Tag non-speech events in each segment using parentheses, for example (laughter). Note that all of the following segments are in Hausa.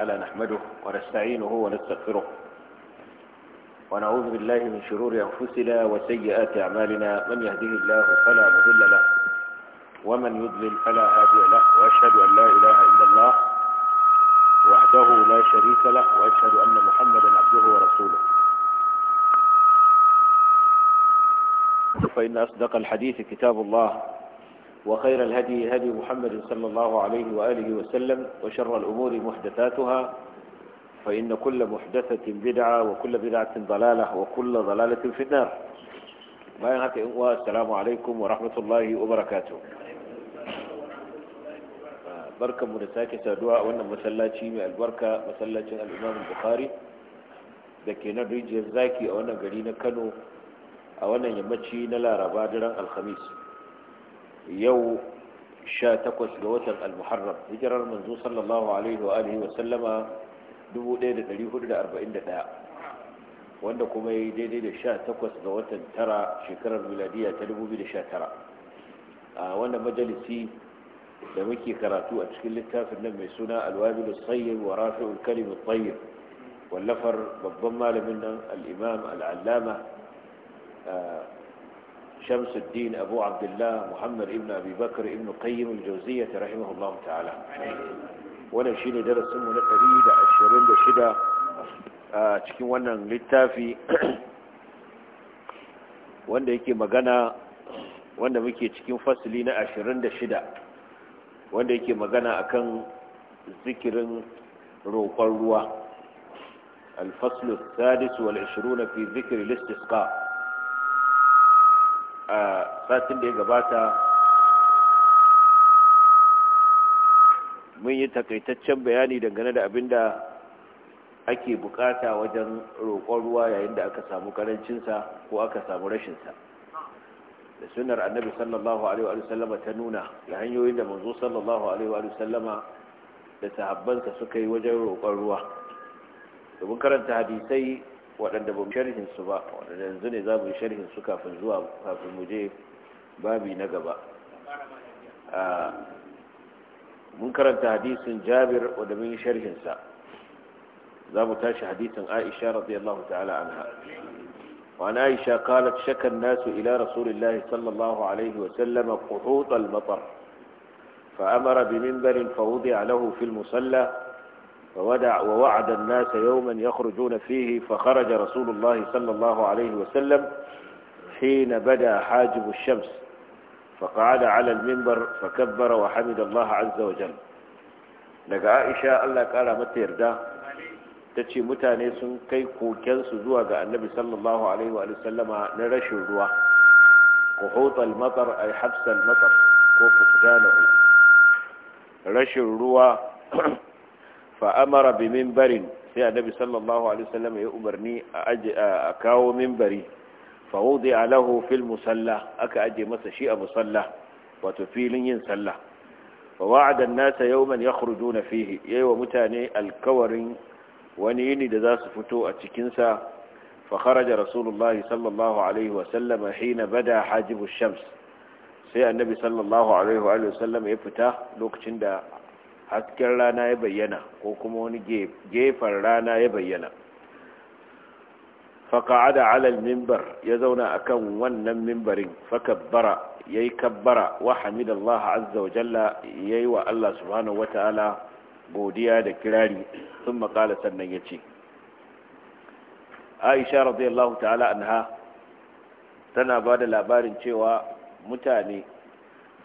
تعالى نحمده ونستعينه ونستغفره ونعوذ بالله من شرور أنفسنا وسيئات أعمالنا من يهده الله فلا مضل له ومن يضلل فلا هادي له وأشهد أن لا إله إلا الله وحده لا شريك له وأشهد أن محمدا عبده ورسوله فإن أصدق الحديث كتاب الله وخير الهدي هدي محمد صلى الله عليه وآله وسلم وشر الأمور محدثاتها فإن كل محدثة بدعة وكل بدعة ضلالة وكل ضلالة في النار ما ينهك السلام عليكم ورحمة الله وبركاته بركة منساكي سادواء وانا مسلاتي من البركة مسلاتي الإمام البخاري ذكي نريد الزاكي وانا قلينا كانوا وانا يمتشي نلا ربادرا الخميس yau sha takwas ga watan al-muharram hijirar manzo sallallahu alaihi wa alihi wa sallama 1441 wanda kuma yi daidai da sha takwas ga watan tara shekarar miladiya ta 2019 a wanda majalisi da muke karatu a cikin littafin nan mai suna alwabilu tsayyib wa rafi'ul kalimu tsayyib wallafar babban malamin nan al-imam al-allama شمس الدين أبو عبد الله محمد ابن أبي بكر ابن قيم الجوزية رحمه الله تعالى wannan shi ne darasinmu na 126 a cikin wannan littafi wanda muke cikin fasili na 26 wanda yake magana kan zikirin roƙon ruwa الفصل السادس والعشرون في ذكر الاستسقاء a satin da ya gabata mun yi takaitaccen bayani dangane da abin da ake bukata wajen roƙon ruwa yayin da aka samu karancinsa ko aka samu rashinsa da sunar annabi sallallahu alaihi wa sallama ta nuna da hanyoyin da manzo sallallahu alaihi wa da sahabbansa suka yi wajen roƙon ruwa domin karanta hadisai waɗanda ba mu sharhin su ba waɗanda yanzu ne za mu yi sharhin su kafin zuwa kafin mu je babi na gaba mun karanta hadisin jabir wadda mun yi sharhin sa za mu tashi hadisin aisha radiyallahu ta'ala anha wa aisha وعن عائشة nasu ila الناس sallallahu alaihi wa صلى الله عليه وسلم قحوط المطر فأمر بمنبر فوضع lahu fil musalla فودع ووعد الناس يوما يخرجون فيه فخرج رسول الله صلى الله عليه وسلم حين بدا حاجب الشمس فقعد على المنبر فكبر وحمد الله عز وجل لك عائشة الله قال متى يرده تتشي متى نيسن كي كوكين سزوى النبي صلى الله عليه وآله وسلم نرشو دوا قحوط المطر أي حبس المطر كوفق دانه رشو دوا fa'amara bi mimbarin sai annabi sallallahu alaihi wasallam ya umarni a kawo mimbari fa wudi alahu fil musalla aka aje masa shi a musalla wato filin yin sallah fa wa'ada an-nasa yauman yakhrujuna fihi yayi wa mutane alkawarin wani yini da za su fito a cikin sa fa kharaja rasulullah sallallahu alaihi wasallam hina bada hajibu shams sai annabi sallallahu alaihi wa sallam ya fita lokacin da hasken rana ya bayyana ko kuma wani gefen rana ya bayyana faƙa'ada alal mimbar ya zauna akan wannan mimbarin fakabbara ya yi kabbara wa hamidallaha azza wa jalla ya yi wa Allah subhanahu wa ta'ala godiya da kirari sun maƙala sannan ya ce aisha radiyallahu ta'ala anha tana ba da labarin cewa mutane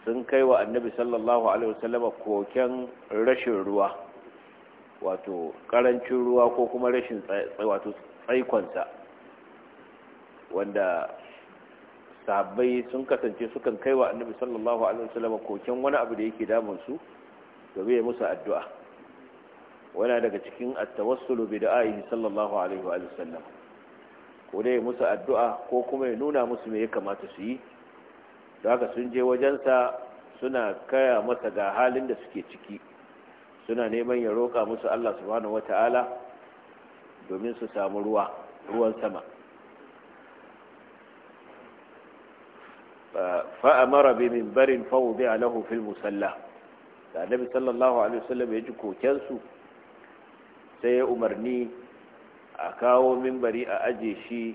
sun kai wa annabi sallallahu alaihi wasallama koken rashin ruwa wato karancin ruwa ko kuma rashin wato tsaikonsa wanda sahabbai sun kasance sukan kai wa annabi sallallahu alaihi wasallama koken wani abu da yake damun su domin ya musu addu'a wana daga cikin at-tawassulu bi da'ihi sallallahu alaihi wa sallam ko dai musu addu'a ko kuma ya nuna musu me ya kamata su yi da haka sun je wajensa suna kaya masa ga halin da suke ciki suna neman ya roƙa musu Allah subhanahu wata'ala domin su samu ruwa ruwan sama fa'amara bi min barin fawudi alahu fil musalla da annabi sallallahu alaihi wasallam ya ji kokensu sai ya umarni a kawo minbari a aje shi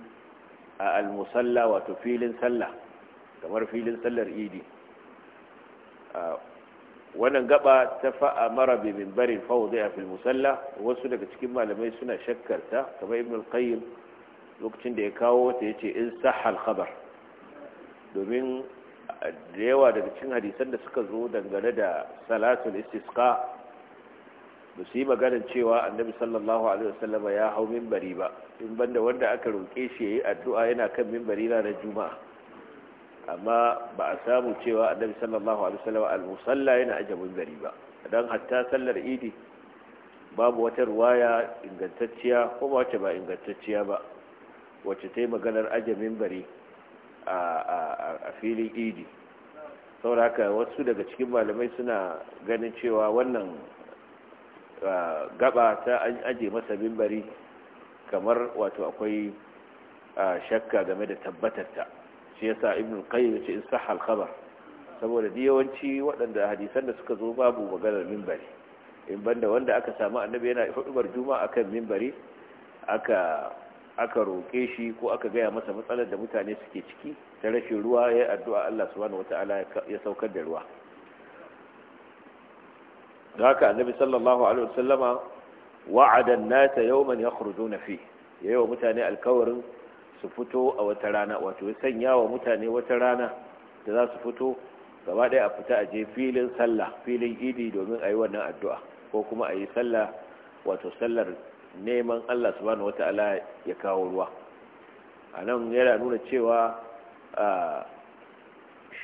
a al-musalla wato filin sallah kamar filin sallar idi wannan gaba ta fa'a mara bi minbarin fawdai a fil musalla wasu daga cikin malamai suna shakkarta kamar ibn al-qayyim lokacin da ya kawo ta yace in sahha al-khabar domin da yawa daga cikin hadisan da suka zo dangane da salatul istisqa ba su yi maganar cewa annabi sallallahu alaihi wasallama ya hau minbari ba in banda wanda aka roke shi yayi addu'a yana kan minbari na juma'a amma ba a samu cewa annabi sallallahu alaihi wasallam al-musalla yana ajabun gari ba dan hatta sallar idi babu wata ruwaya ingantacciya ko wace ba ingantacciya ba wacce ta yi maganar ajabin bari a filin idi haka wasu daga cikin malamai suna ganin cewa wannan gaba ta an aje masa mimbari kamar wato akwai shakka game da tabbatar ta. shi yasa ibn qayyim yace in sahha al-khabar saboda da yawanci waɗanda hadisan da suka zo babu maganar minbari in banda wanda aka samu annabi yana hudubar juma'a akan minbari aka aka roke shi ko aka gaya masa matsalar da mutane suke ciki ta rashin ruwa ya addu'a Allah subhanahu wata'ala ya saukar da ruwa da haka annabi sallallahu alaihi wasallama wa'ada an-nasa yawman yakhrujuna fi yayin mutane alkawarin su fito a wata rana wato ya sanya wa mutane wata rana da za su fito gaba ɗaya a fita a je filin sallah filin idi domin a yi wannan addu'a ko kuma a yi sallah wato sallar neman allah subhanahu Ta'ala ya kawo ruwa a nan yana nuna cewa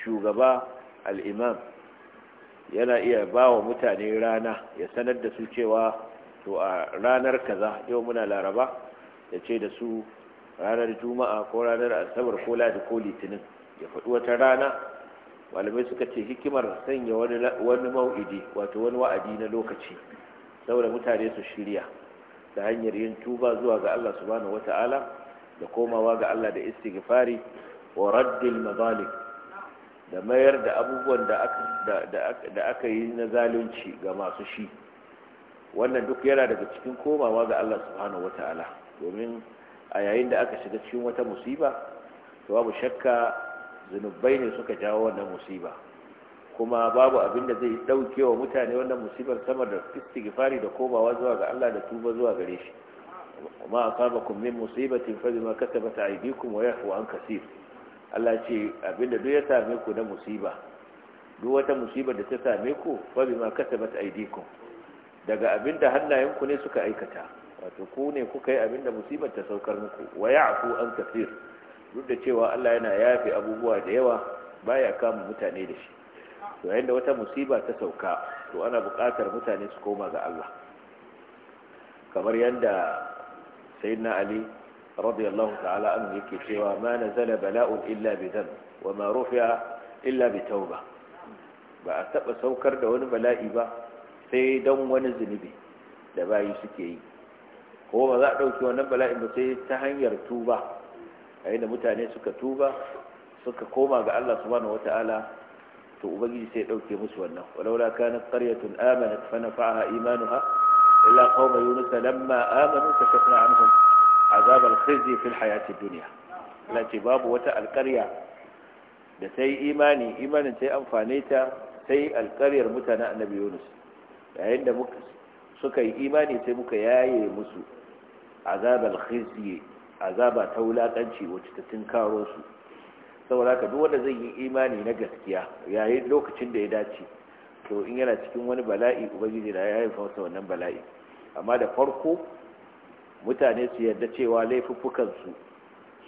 shugaba al'imam yana iya ba wa mutane rana ya sanar da su cewa to a ranar kaza yau muna laraba ya ce da su ranar juma'a ko ranar asabar ko ladi ko litinin ya faɗi wata rana malamai suka ce hikimar sanya wani mau'idi wato wani wa'adi na lokaci saboda mutane su shirya ta hanyar yin tuba zuwa ga Allah subhanahu ta'ala da komawa ga Allah da istighfari wa raddil mazalim da mayar da abubuwan da aka yi na zalunci ga masu shi wannan duk yana daga cikin komawa ga Allah subhanahu ta'ala domin a yayin da aka shiga cikin wata musiba to babu shakka zunubai ne suka jawo wannan musiba kuma babu abin da zai dauke wa mutane wannan musibar sama da istighfari da kobawa zuwa ga Allah da tuba zuwa gare shi ma asabakum min musibatin fa bima kasabat aydikum wa yafu an kaseer Allah ce abin da duk ya same ku na musiba duk wata musibar da ta same ku fa bima kasabat aydikum daga abin da hannayenku ne suka aikata wato ku ne kuka yi abinda musibar ta saukar muku wa ya'fu an kafir duk da cewa Allah yana yafe abubuwa da yawa baya kama mutane da shi to yayin da wata musiba ta sauka to ana buƙatar mutane su koma ga Allah kamar yadda sayyidina Ali radiyallahu ta'ala anhu yake cewa ma nazala bala'un illa bi wa ma rufi'a illa bi tauba ba a taba saukar da wani bala'i ba sai dan wani zunubi da bayi suke yi ko ba za a ɗauki wannan bala'in ba sai ta hanyar tuba a da mutane suka tuba suka koma ga Allah subhanahu wata'ala to ubangiji sai ɗauke musu wannan walaula kanat qaryatun amanat fa nafa'aha imanuha illa qauma yunus lamma amanu kashafna anhum azab al-khizy fi al-hayati ad-dunya lati babu wata alƙarya da sai imani imanin sai amfane ta sai alƙaryar mutanen annabi yunus yayin da suka yi imani sai muka yaye musu azabal khizyi azaba ta wulakanci wacce ta tinkaro su haka duk wanda zai yi imani na gaskiya yayin lokacin da ya dace to in yana cikin wani bala'i ubangiji da ya haifa masa wannan bala'i amma da farko mutane su yarda cewa laifuffukan su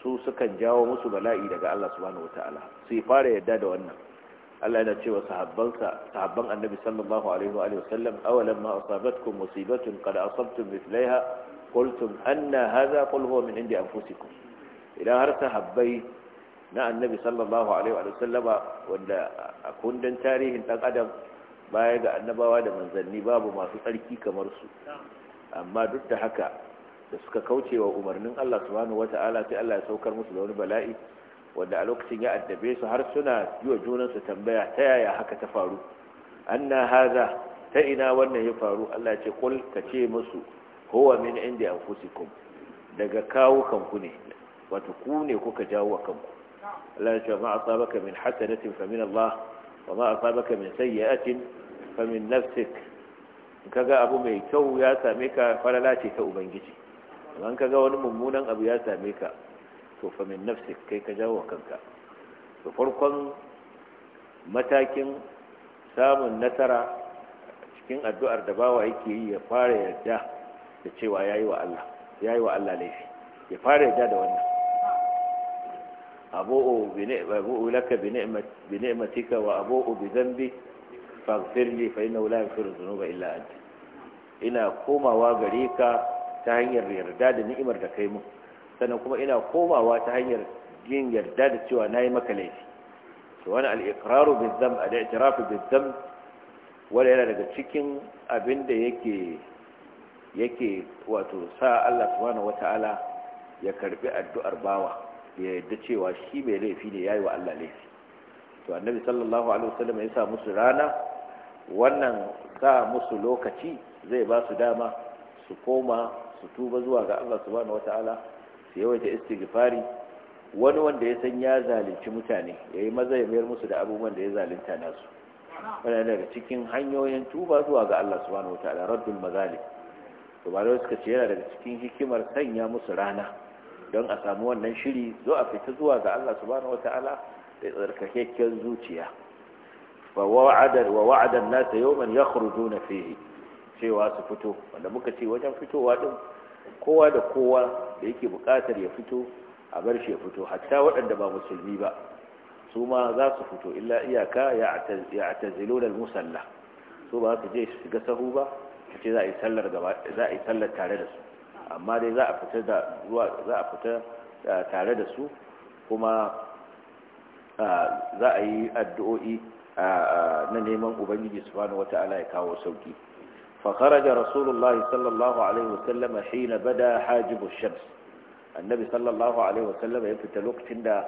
su sukan jawo musu bala'i daga Allah subhanahu wataala su fara yarda da wannan Allah yana cewa sahabbansa sahabban Annabi sallallahu alaihi wa sallam wasallam ma asabatkum musibatun qad asabtum mithlaiha qultum anna hadha qul huwa min indi idan har sahabbai na annabi sallallahu alaihi wa wanda a kundin tarihin ɗan adam baya ga annabawa da manzanni babu masu tsarki kamar su amma duk da haka da suka kauce wa umarnin Allah subhanahu wata'ala sai Allah ya saukar musu da wani bala'i wanda a lokacin ya addabe su har suna yi wa junansu tambaya ta yaya haka ta faru anna ta ina wannan ya faru Allah ce kul ka ce musu huwa min indi anfusikum daga kawo kanku ne wato ku ne kuka jawo kanku Allah ya ce ma asabaka min hasanatin fa min Allah wa ma asabaka min sayyi'atin fa min nafsik kaga abu mai kyau ya same ka falala ce ta ubangiji idan kaga wani mummunan abu ya same ka to fa min nafsik kai ka jawo kanka to farkon matakin samun nasara cikin addu'ar da bawa yake yi ya fara yarda da cewa yayi wa Allah wa Allah laifi ya fara yadda da wannan abu'u bi abu'u laka bi ni'matika wa abu'u bi dhanbi faghfir li fa innahu la dhunuba illa anta ina komawa gare ka ta hanyar yarda da ni'imar da kai mu sannan kuma ina komawa ta hanyar yin yarda da cewa nayi maka laifi to wani al-iqraru bi dhanb al-i'tirafu bi dhanb yana daga cikin abin da yake yake wato sa Allah subhanahu wataala ya karbi addu'ar bawa ya yadda cewa shi mai laifi ne yayi wa Allah laifi to annabi sallallahu alaihi wasallam ya sa musu rana wannan sa musu lokaci zai ba su dama su koma su tuba zuwa ga Allah subhanahu wataala su yawaita istighfari wani wanda ya san ya zalunci mutane yayi maza ya mayar musu da abubuwan da ya zalunta nasu wannan daga cikin hanyoyin tuba zuwa ga Allah subhanahu wataala raddul mazalim to ba suka ce yana daga cikin hikimar sanya musu rana don a samu wannan shiri zo a fita zuwa ga Allah subhanahu wata'ala da tsarkakekken zuciya wa wa'ada wa wa'ada an-nas yawman yakhrujuna fihi cewa su fito wanda muka ce wajen fitowa din kowa da kowa da yake bukatar ya fito a bar shi ya fito hatta waɗanda ba musulmi ba su ma za su fito illa iyaka ya ataziluna al-musalla su ba su je su shiga sahu ba ka ce za a yi sallar tare da su amma dai za a fita da zuwa za a fita tare da su kuma za a yi addu'o'i na neman ubangiji subhanahu wata'ala ya kawo sauki fa kharaja rasulullah sallallahu alaihi wasallam hina bada hajibu shams annabi sallallahu alaihi wasallam ya fita lokacin da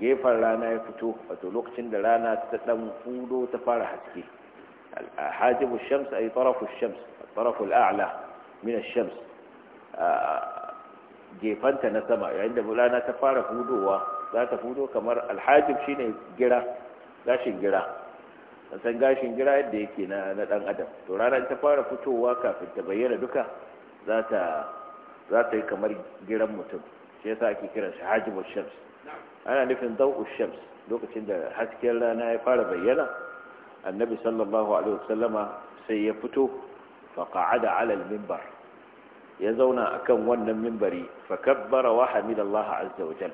gefen rana ya fito wato lokacin da rana ta dan fudo ta fara haske حاجب الشمس أي طرف الشمس الطرف الأعلى من الشمس gefanta na sama yayin da rana ta fara fudowa za ta fudo kamar alhajib shine gira gashin gira san gashin gira yadda yake na na ɗan adam to rana ta fara fitowa kafin ta bayyana duka za ta yi kamar giran mutum shi yasa ake kiran shi hajibu shams ana nufin dawu shams lokacin da hasken rana ya fara bayyana annabi sallallahu alaihi wasallama sai ya fito faƙa'ada alal mimbar ya zauna a kan wannan mimbari fakabbara wa hamidallaha azza wajal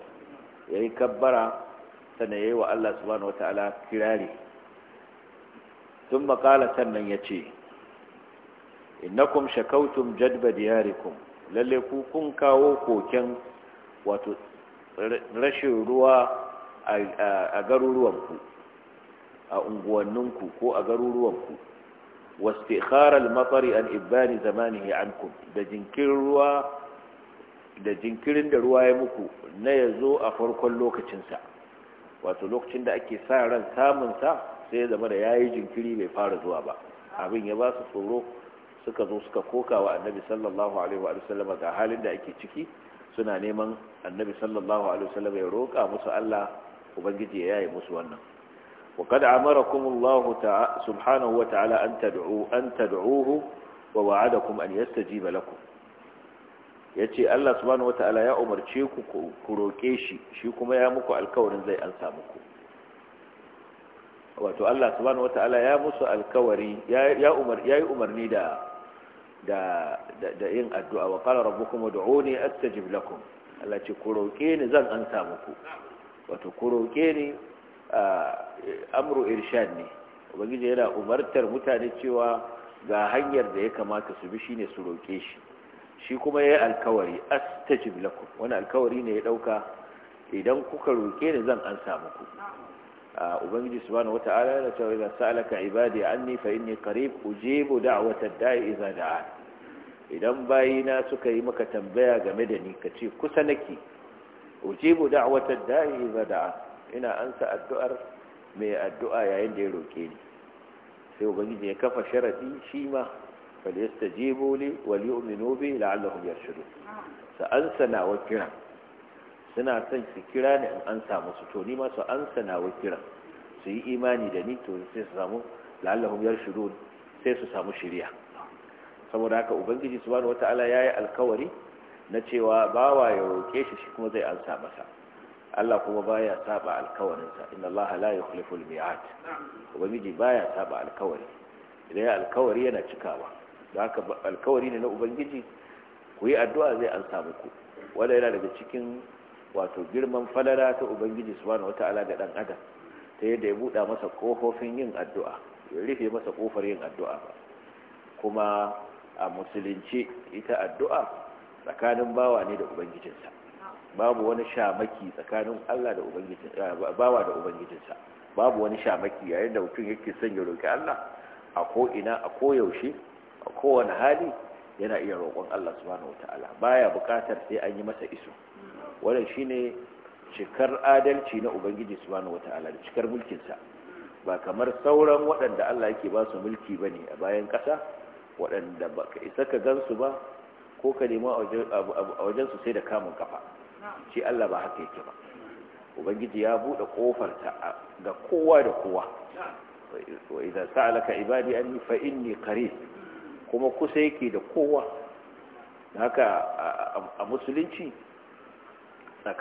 ya yi kabbara sannan ya wa Allah subhanahu wa ta'ala kirari sun makala sannan ya ce innakum shakautum jadba diyarikum lalle ku kun kawo koken wato rashin ruwa a garuruwanku a unguwanninku ko a garuruwanku ku المطر عن an زمانه zamani da jinkirin ruwa da jinkirin da ruwa ya muku na yazo a farkon lokacinsa wato lokacin da ake sa ran samun sa sai zama da yayi jinkiri bai fara zuwa ba abin ya ba su tsoro suka zo suka koka wa annabi sallallahu alaihi wa sallama ga halin da ake ciki suna neman annabi sallallahu alaihi wa sallama ya roƙa musu Allah ubangiji ya yaye musu wannan وقد عمركم الله سبحانه وتعالى أن, تدعو أن تدعوه ووعدكم أن يستجيب لكم yace Allah subhanahu wataala ya umarce ku ku roke shi shi kuma ya muku alkawarin zai ansa muku wato Allah subhanahu wataala ya musu alkawari ya umar yayi umarni da da da yin addu'a wa qala rabbukum ud'uni astajib lakum Allah ce ku roke ni zan ansa muku wato ku roke ni amru irshad ne ubangiji yana umartar mutane cewa ga hanyar da ya kamata su bi shine su roke shi shi kuma yayi alkawari astajib lakum wani alkawari ne ya dauka idan kuka roke ni zan ansa muku ubangiji subhanahu wata'ala yana cewa idan sa'alaka ibadi anni fa inni qarib ujibu da'wata da'i idza da'a idan bayi na suka yi maka tambaya game da ni kace kusa nake ujibu da'wata da'i idza da'a ina ansa addu'ar mai addu'a yayin da ya roke ni sai ubangiji ya kafa sharadi shi ma falyastajibu li wa liyu'minu bi la'allahum yarshudun sa ansa na wa kira suna son su kira ni in ansa musu to ni ma su ansa na wa kira su yi imani da ni to sai su samu la'allahum yarshudun sai su samu shari'a saboda haka ubangiji subhanahu wataala yayi alkawari na cewa bawa ya roke shi shi kuma zai ansa masa Allah kuma baya saba alkawarinsa inna Allah la yukhlifu al-mi'ad ubangiji baya saba alkawari idan ya alkawari yana cikawa da haka alkawari ne na ubangiji ku yi addu'a zai an samu ku wanda yana daga cikin wato girman falala ta ubangiji subhanahu wata'ala ga dan adam ta yadda ya buɗa masa kofofin yin addu'a ya rufe masa kofar yin addu'a ba kuma a musulunci ita addu'a tsakanin bawa ne da ubangijinsa babu wani shamaki tsakanin Allah da ubangijin eh, bawa da ubangijinsa babu wani shamaki yayin da mutum yake son ya roki Allah a ko ina a ko yaushe a kowane hali yana iya roƙon Allah subhanahu wataala baya buƙatar sai an yi masa iso wannan shine cikar adalci na ubangiji subhanahu wataala da cikar mulkinsa ba kamar sauran waɗanda Allah yake ba su mulki bane a bayan ƙasa waɗanda ba ka isa ka gansu ba ko ka nema a wajen su sai da kamun kafa shi Allah ba haka yake ba ubangiji ya bude kofar ta ga kowa da kowa wa idan sa'alaka ibadi anni fa inni qarib kuma kusa yake da kowa haka a musulunci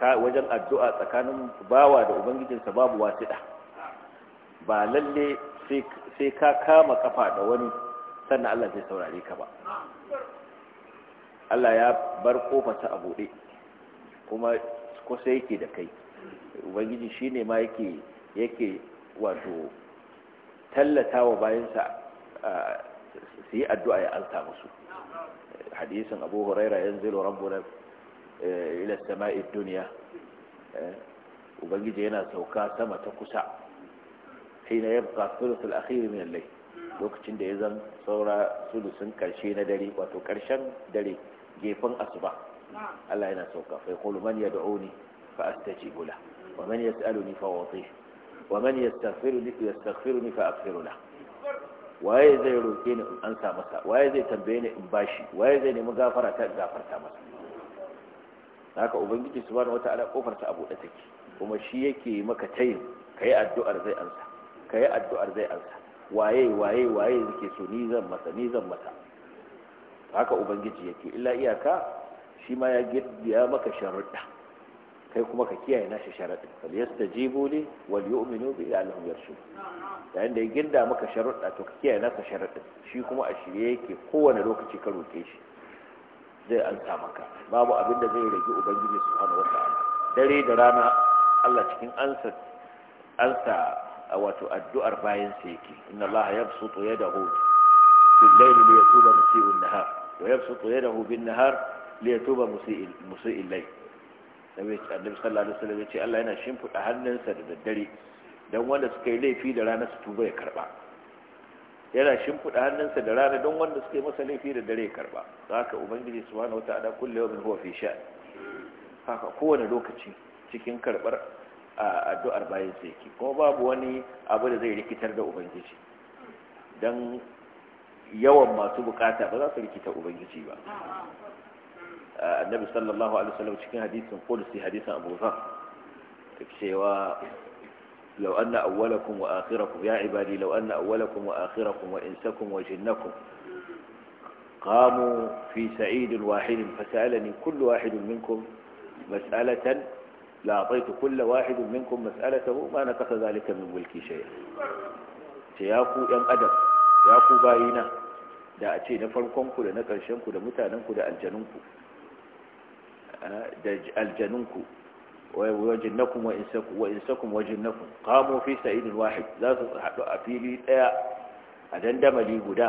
wajen addu'a tsakanin bawa da ubangijinsa babu wasiɗa ba lalle sai ka kama kafa da wani sannan Allah zai saurare ka ba Allah ya bar kofarsa a buɗe kuma kusa yake da kai ubangiji shine ma yake yake wato tallata wa bayansa su yi addu'a ya alta musu hadisin abu huraira yanzu rabbuna e, ila sama'i duniya e, ubangiji yana sauka sama ta kusa hina yabqa thuluth al-akhir min al lokacin da ya zan saura sulusun karshe na dare wato karshen dare gefen asuba Allah yana sauka fa yaqulu man yad'uni fa astajibu la wa man yas'aluni fa wati wa man yastaghfiruni fa yastaghfiruni fa aghfiru la waye zai roke ni in ansa masa waye zai tambaye ni in bashi waye zai nemi gafara ta gafarta masa haka ubangiji subhanahu wataala kofar ta abu da take kuma shi yake maka tayin kai addu'ar zai ansa kai addu'ar zai ansa waye waye waye yake so ni zan masa ni zan masa haka ubangiji yake illa iyaka shi ma ya giddiya maka sharuɗa kai kuma ka kiyaye nashi sharaɗin fal yastajibu li wal yu'minu bi la'allahum yarshud yayin da ya ginda maka sharuɗa to ka kiyaye nasa sharaɗin shi kuma a shirye yake kowane lokaci ka roke shi zai alta maka babu abinda zai rage ubangiji subhanahu wata'ala dare da rana Allah cikin ansa ansa wato addu'ar bayan sa yake inna Allah yabsutu yadahu bil layli liyatuba musii'un nahar wa yabsutu yadahu bin nahar li yatuba musi'il lai annabi sallallahu alaihi wasallam yace Allah yana shimfida hannunsa da daddare dan wanda suka yi laifi da rana su tuba ya karba yana shimfida hannunsa da rana don wanda suka yi masa laifi da dare ya karba haka ubangiji subhanahu wata'ala kullu yawmin huwa fi sha'n haka kowane lokaci cikin karbar addu'ar bayan sai ki kuma babu wani abu da zai rikitar da ubangiji dan yawan masu bukata ba za su rikita ubangiji ba النبي صلى الله عليه وسلم حديث hadisin qudsi حديث أبو ذر cewa لو أن أولكم وآخركم يا عبادي لو أن أولكم وآخركم وإنسكم وجنكم قاموا في سعيد واحد فسألني كل واحد منكم مسألة لأعطيت كل واحد منكم مسألته ما نتخذ ذلك من ملكي شيئا سياكو يم أدب ياكو باينا da a ce na farkonku da na ƙarshenku da mutanenku da aljanunku da aljanunku wajinnakum wa insakum wa insakum wajinnakum qamu fi sa'idin wahid za su haɗu a fili ɗaya a dandamali guda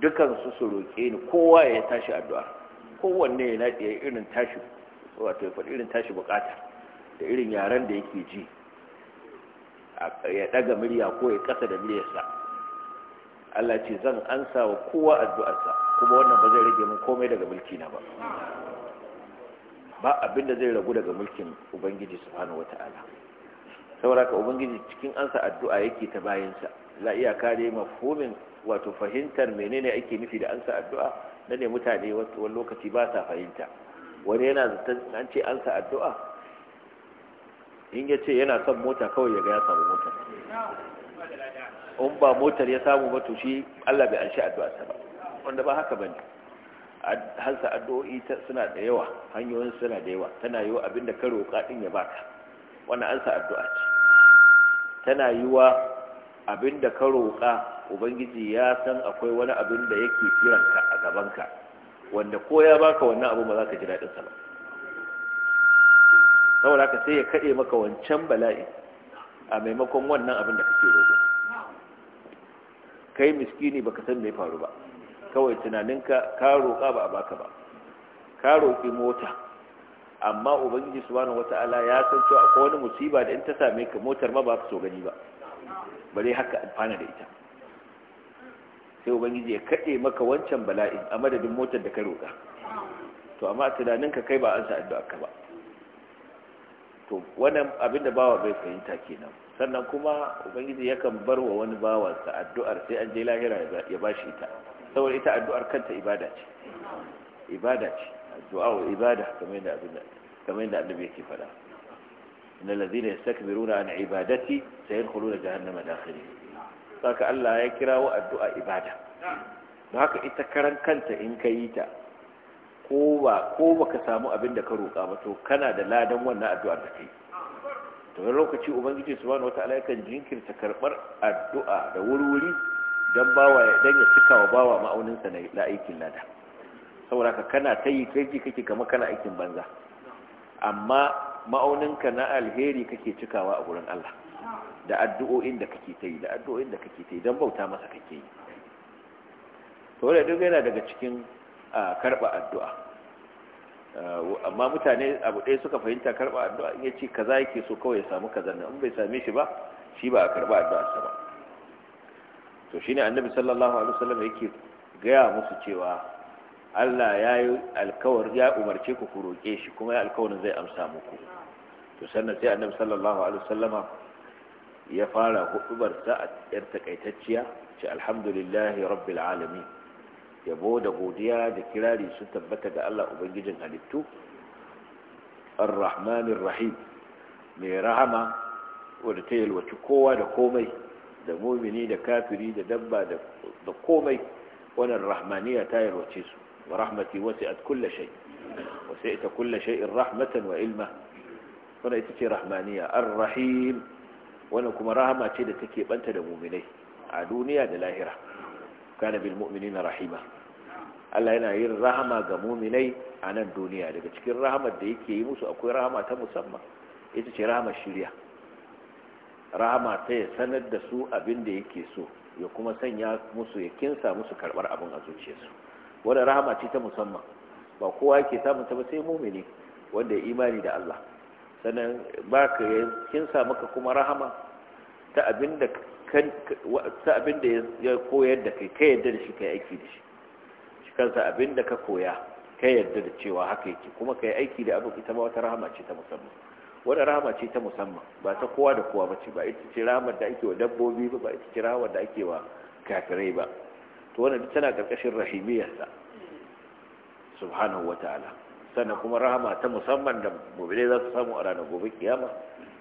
dukan su su roke ni kowa ya tashi addu'a kowanne ya naɗi irin tashi wato ya irin tashi bukata da irin yaren da yake ji ya ɗaga murya ko ya ƙasa da muryarsa Allah ce zan ansa wa kowa addu'arsa kuma wannan ba zai rage min komai daga mulki na ba ba abin da zai ragu daga mulkin ubangiji subhanahu wata'ala saboda ka ubangiji cikin ansa addu'a yake ta bayansa la iya kare mafhumin wato fahimtar menene ake nufi da ansa addu'a na ne mutane wani lokaci ba sa fahimta wani yana zata an ce ansa addu'a in ya ce yana son mota kawai ya ga ya samu mota in ba motar ya samu ba to shi Allah bai an shi addu'a ta ba wanda ba haka bane hansa addu'o'i suna da yawa hanyoyin suna da yawa tana yiwa abinda ka roƙa din ya baka wannan ansa addu'a ce tana yiwa abinda ka roƙa ubangiji ya san akwai wani abin da yake kiranka a gabanka wanda ko ya baka wannan abu ba za ka ji daɗin sa ba saboda ka sai ya kaɗe maka wancan bala'i a maimakon wannan abin da kake roƙo kai miskini baka san me faru ba kawai tunaninka ka roƙa ba a baka ba ka roƙi mota amma ubangiji subhanahu wata'ala ya san cewa akwai wani musiba da in ta same ka motar ma ba ka so gani ba bare haka amfana da ita sai ubangiji ya kaɗe maka wancan bala'in a madadin motar da ka roƙa to amma tunaninka kai ba an sa addu'a ka ba to wannan abin da bawa bai fahimta kenan sannan kuma ubangiji yakan bar wa wani bawansa addu'ar sai an je lahira ya bashi ita saboda ita addu'ar kanta ibada ce ibada ce addu'a wa ibada kamar yadda abin ya yadda annabi yake faɗa innal ladhina yastakbiruna an ibadati sayadkhuluna da dakhirin saka Allah ya kirawo addu'a ibada ba haka ita karan kanta in ka yi ta ko ba ka samu abin da ka roƙa ba to kana da ladan wannan addu'ar da kai to wani lokaci ubangiji su wani wata alaikan jinkirta karɓar addu'a da wuri-wuri. Don bawa don ya cika wa bawa ma'auninsa na aikin lada saboda ka kana ta yi kai kake kama kana aikin banza amma ma'auninka na alheri kake cikawa a wurin Allah da addu'o'in da kake ta yi da addu'o'in da kake ta yi don bauta masa kake yi to da duk yana daga cikin karɓa addu'a amma mutane abu ɗaya suka fahimta karɓa addu'a in ya ce kaza yake so kawai ya samu kazan nan in bai same shi ba shi ba a karɓa addu'a ba to shine annabi sallallahu alaihi wasallam yake gaya musu cewa Allah ya yi alkawar ya umarce ku ku roƙe shi kuma ya alkawarin zai amsa muku to sannan sai annabi sallallahu alaihi wasallama ya fara hudubar sa a yar takaitacciya ce alhamdulillahi rabbil alamin yabo da godiya da kirari sun tabbata ga Allah ubangijin halittu arrahmanir rahim mai rahama wadda ta yalwaci kowa da komai da mumini da kafiri da dabba da komai wannan rahmaniya ta yarwace su wa rahmati wasi'at kulli shay wasi'at kulli shay'in rahmatan wa ilma wannan ita ce rahmaniya an rahim wannan kuma rahama ce da take banta da muminai a duniya da lahira kana bil mu'minina rahima Allah yana yin rahama ga muminai a nan duniya daga cikin rahamar da yake yi musu akwai rahama ta musamman ita ce rahamar shirya rahama ta ya sanar da su abin da yake so ya kuma sanya musu ya kinsa musu karbar abin a su wanda rahama ce ta musamman ba kowa ke samun ta ba sai mumini wanda ya imani da Allah sannan ba ka kinsa maka kuma rahama ta abin da ya koyar da kai ka da shi kai aiki da shi shi kansa abin da ka koya ka yadda da cewa haka yake kuma kai aiki da abin ita ba wata rahama ce ta musamman wani rama ce ta musamman ba ta kowa da kowa ba ce ba ita ce ramar da ake wa dabbobi ba ba ita ce ramar da ake wa kafirai ba to wannan tana karkashin rahimiyarsa subhanahu ta'ala sannan kuma rama ta musamman da mu'mini za su samu a ranar gobe kiyama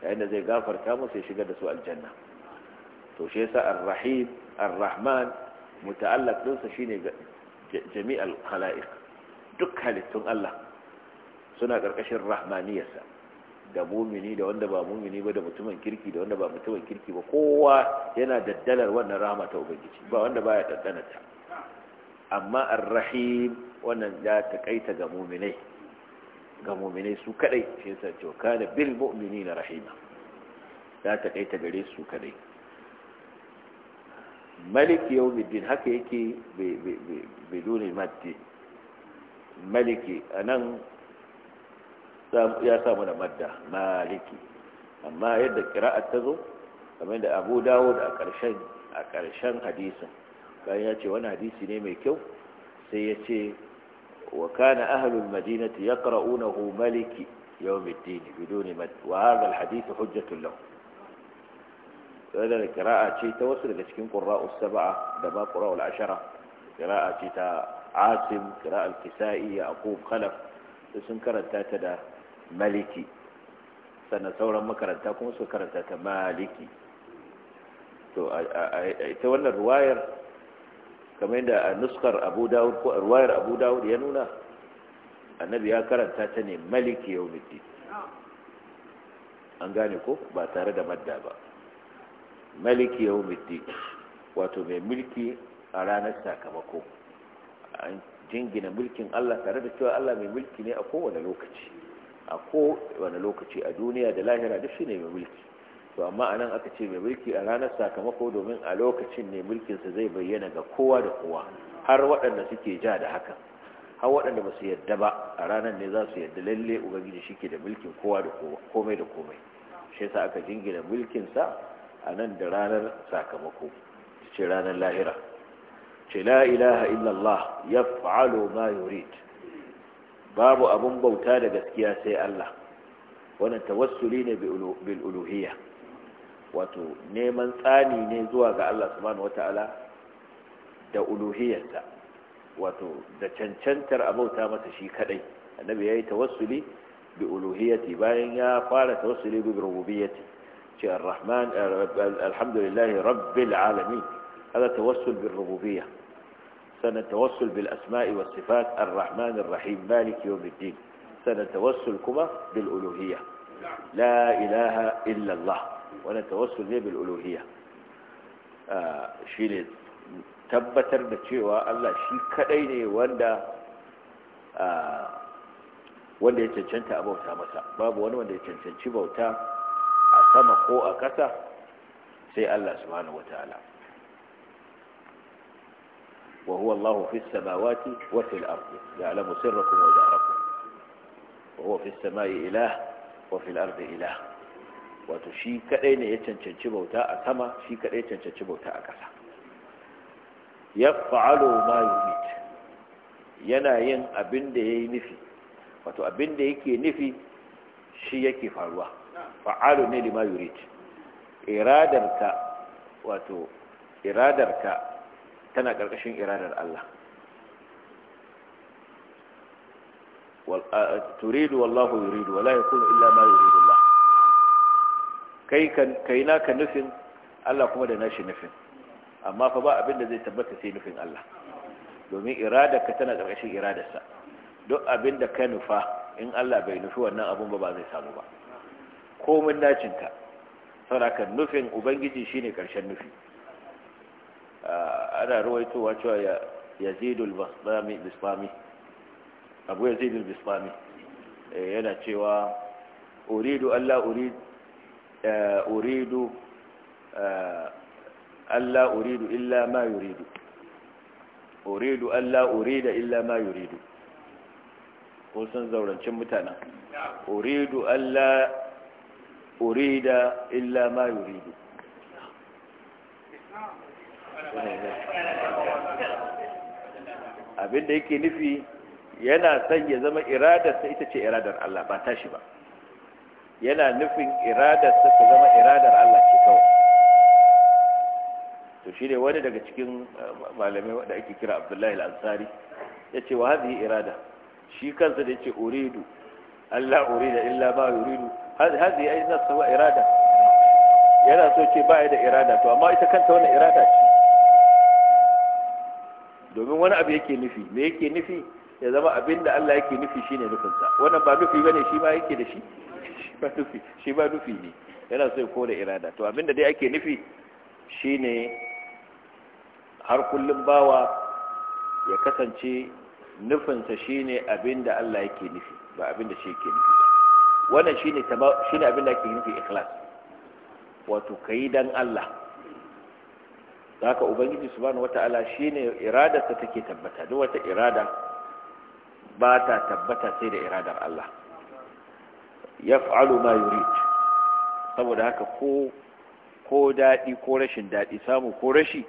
yayin da zai gafarta musu ya shiga da su aljanna to shi yasa ar-rahim ar-rahman muta'allaq sa shine jami'al khalaiq duk halittun Allah suna karkashin rahmaniyarsa da mumini da wanda ba mumini ba da mutumin kirki da wanda ba mutumin kirki ba kowa yana daddalar wannan rahama ta ubangiji ba wanda baya daddana ta amma ar-rahim wannan ya takaita ga muminai ga muminai su kadai shi yasa cewa kana bil mu'minina rahima ya takaita gare su kadai malik yawmiddin haka yake biduni maddi maliki anan ya samu mana madda maliki amma yadda kira'a ta zo kamar da abu dawo da a ƙarshen hadisin bayan ya ce wani hadisi ne mai kyau sai ya ce wa kana ahlul madinati yaqra'unahu maliki yau ad-din bidun mad wa hadha al hujjatun lahu wannan qira'a ce ta wasu daga cikin ƙura'u sab'a da ba qurra'u al-ashara ce ta asim qira'a al-kisai yaqub khalaf sun karanta ta da maliki sannan sauran makaranta kuma su karanta ta maliki to ita wannan ruwayar kamar yadda a nuskar abu dawud ko ruwayar abu dawud ya nuna annabi ya karanta ta ne maliki yau an gane ko ba tare da madda ba maliki yau wato mai mulki a ranar sakamako an jingina mulkin allah tare da cewa allah mai mulki ne a kowane lokaci a ko lokaci a duniya da lahira duk shine mai mulki to amma a nan aka ce mai mulki a ranar sakamako domin a lokacin ne mulkinsa zai bayyana ga kowa da kowa har waɗanda suke ja da hakan har waɗanda ba su yadda ba a ranar ne za su yadda lalle ubangiji shi ke da mulkin kowa da kowa komai da komai shi yasa aka jingina sa a nan da ranar sakamako ce ranar lahira ce la ilaha illallah ya fa'alo ma yurid babu abun bauta da gaskiya sai Allah wannan tawassuli ne bil uluhiyya wato neman tsani ne zuwa ga Allah subhanahu wataala da uluhiyyarsa wato da cancantar abauta masa shi kadai annabi yayi tawassuli bi uluhiyyati bayan ya fara tawassuli bi rububiyyati ce rahman rabbil alamin hada tawassul bir rububiyyah سنة توسل بالأسماء والصفات الرحمن الرحيم مالك يوم الدين سنة توسلكما بالألوهية لا إله إلا الله ونتوسل لي بالألوهية آه، شيء تبتر بشيء والله شيء كأيني ولا آه، واندا يتنشنت أبو تامسا باب وانو واندا يتنشنت أبو تامسا أسمى خوء كسا سي الله سبحانه وتعالى wa huwa Allah fi samawati wa fil ardi ya'lamu sirrakum wa jahrakum wa huwa fi samai ilah wa fil ardi wato shi kadai ne ya cancanci bauta a sama shi kadai ya cancanci bauta a ƙasa yaf'alu ma yurid yana yin abin da yi nufi wato abin da yake nufi shi yake faruwa fa'alu ne lima yurid iradarka wato iradarka tana karkashin iradar Allah turidu wallahu yuridu wala yakunu illa ma yuridu Allah kai kai naka nufin Allah kuma da nashi nufin amma fa ba abin da zai tabbata sai nufin Allah domin ka tana karkashin iradarsa duk abin da ka nufa in Allah bai nufi wannan abun ba ba zai samu ba komin nacinka saboda nufin ubangiji shine karshen nufi ana ruwaitowa cewa yazidul bisfami abu yazidul bisfami yana cewa uridu allah uridu allah uridu illa ma yuridu uridu allah urida illa ma yuridu ko sun zaurancin mutanen uridu allah urida illa ma yuridu abin da yake nufi yana son ya zama iradarsa ita ce iradar Allah ba tashi ba yana nufin iradarsa ta zama iradar Allah ce kawai to shi ne wani daga cikin eh, malamai wanda ake kira abdullahi al'ansari ya ce wa hazihi irada shi kansa da ya ce uridu Allah urida illa ba yuridu hazihi na sawa irada yana so ce ba da irada to amma ita kanta wani irada ce domin wani abu yake nufi me yake nufi ya zama abin da Allah yake nufi shine nufinsa wannan ba nufi ba ne shi ma yake da shi ba (laughs) nufi shi ba nufi ne yana so ya kore irada to abin da dai ake nufi shi ne har kullum bawa ya kasance nufinsa ne abin da Allah yake nufi ba abin da shi yake nufi wannan shi ne abin da ake nufi ikhlas wato ka yi dan Allah haka ubangiji subhanahu wata'ala shine iradarsa take tabbata duk wata irada ba ta tabbata sai da iradar Allah ya fa’alu ma yurid saboda haka ko ko ko rashin daɗi samu ko rashi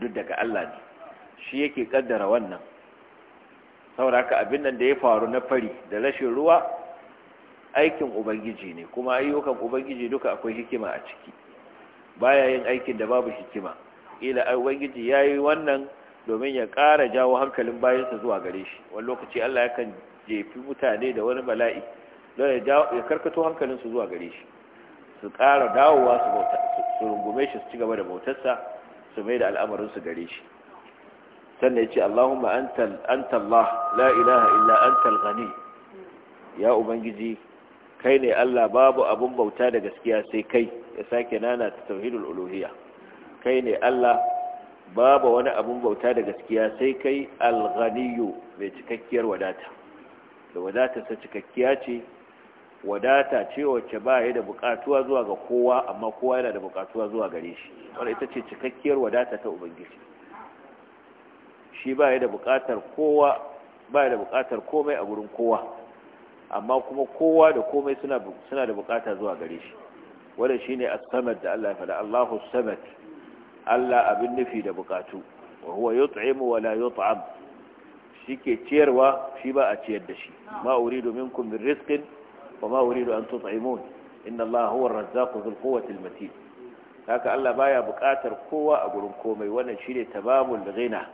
duk daga Allah ne shi yake kaddara wannan saboda haka abin nan da ya faru na fari da rashin ruwa aikin ubangiji ne kuma ayyukan ubangiji duka akwai hikima a ciki baya yin aikin da babu hikima ila ubangiji ya yi wannan domin ya ƙara jawo hankalin bayansa zuwa gare shi wani lokaci allah ya kan jefi mutane da wani bala'i don ya karkato hankalinsu zuwa gare shi su ƙara dawowa su rungume shi su ci gaba da bautarsa su mai da al'amarinsu gare shi sannan ya ce allahumma anta la ilaha illa antal ghani ya ubangiji kai ne allah babu abun bauta da gaskiya sai kai ya sake nana ta tauhidul uluhiyya kai ne Allah babu wani abun bauta da gaskiya sai kai alghaniyu mai cikakkiyar wadata da wadata ta cikakkiya ce wadata ce wacce ba ya da bukatuwa zuwa ga kowa amma kowa yana da bukatuwa zuwa gare shi wadda ita ce cikakkiyar wadata ta ubangiji shi ba ya da bukatar kowa ba ya da bukatar komai a gurin kowa amma kuma kowa da komai suna da bukata zuwa gare shi wadda shine as-samad da Allah ya faɗa Allahu samad Allah abin nufi da bukatu wa huwa yut'imu wa la yut'am shike ciyarwa shi ba a ciyar da shi ma uridu minkum min rizqin wa ma uridu an tut'imun inna Allah huwa ar-razzaqu dhul quwwati al-matin haka Allah baya bukatar kowa a gurin komai wannan shine tababul ghina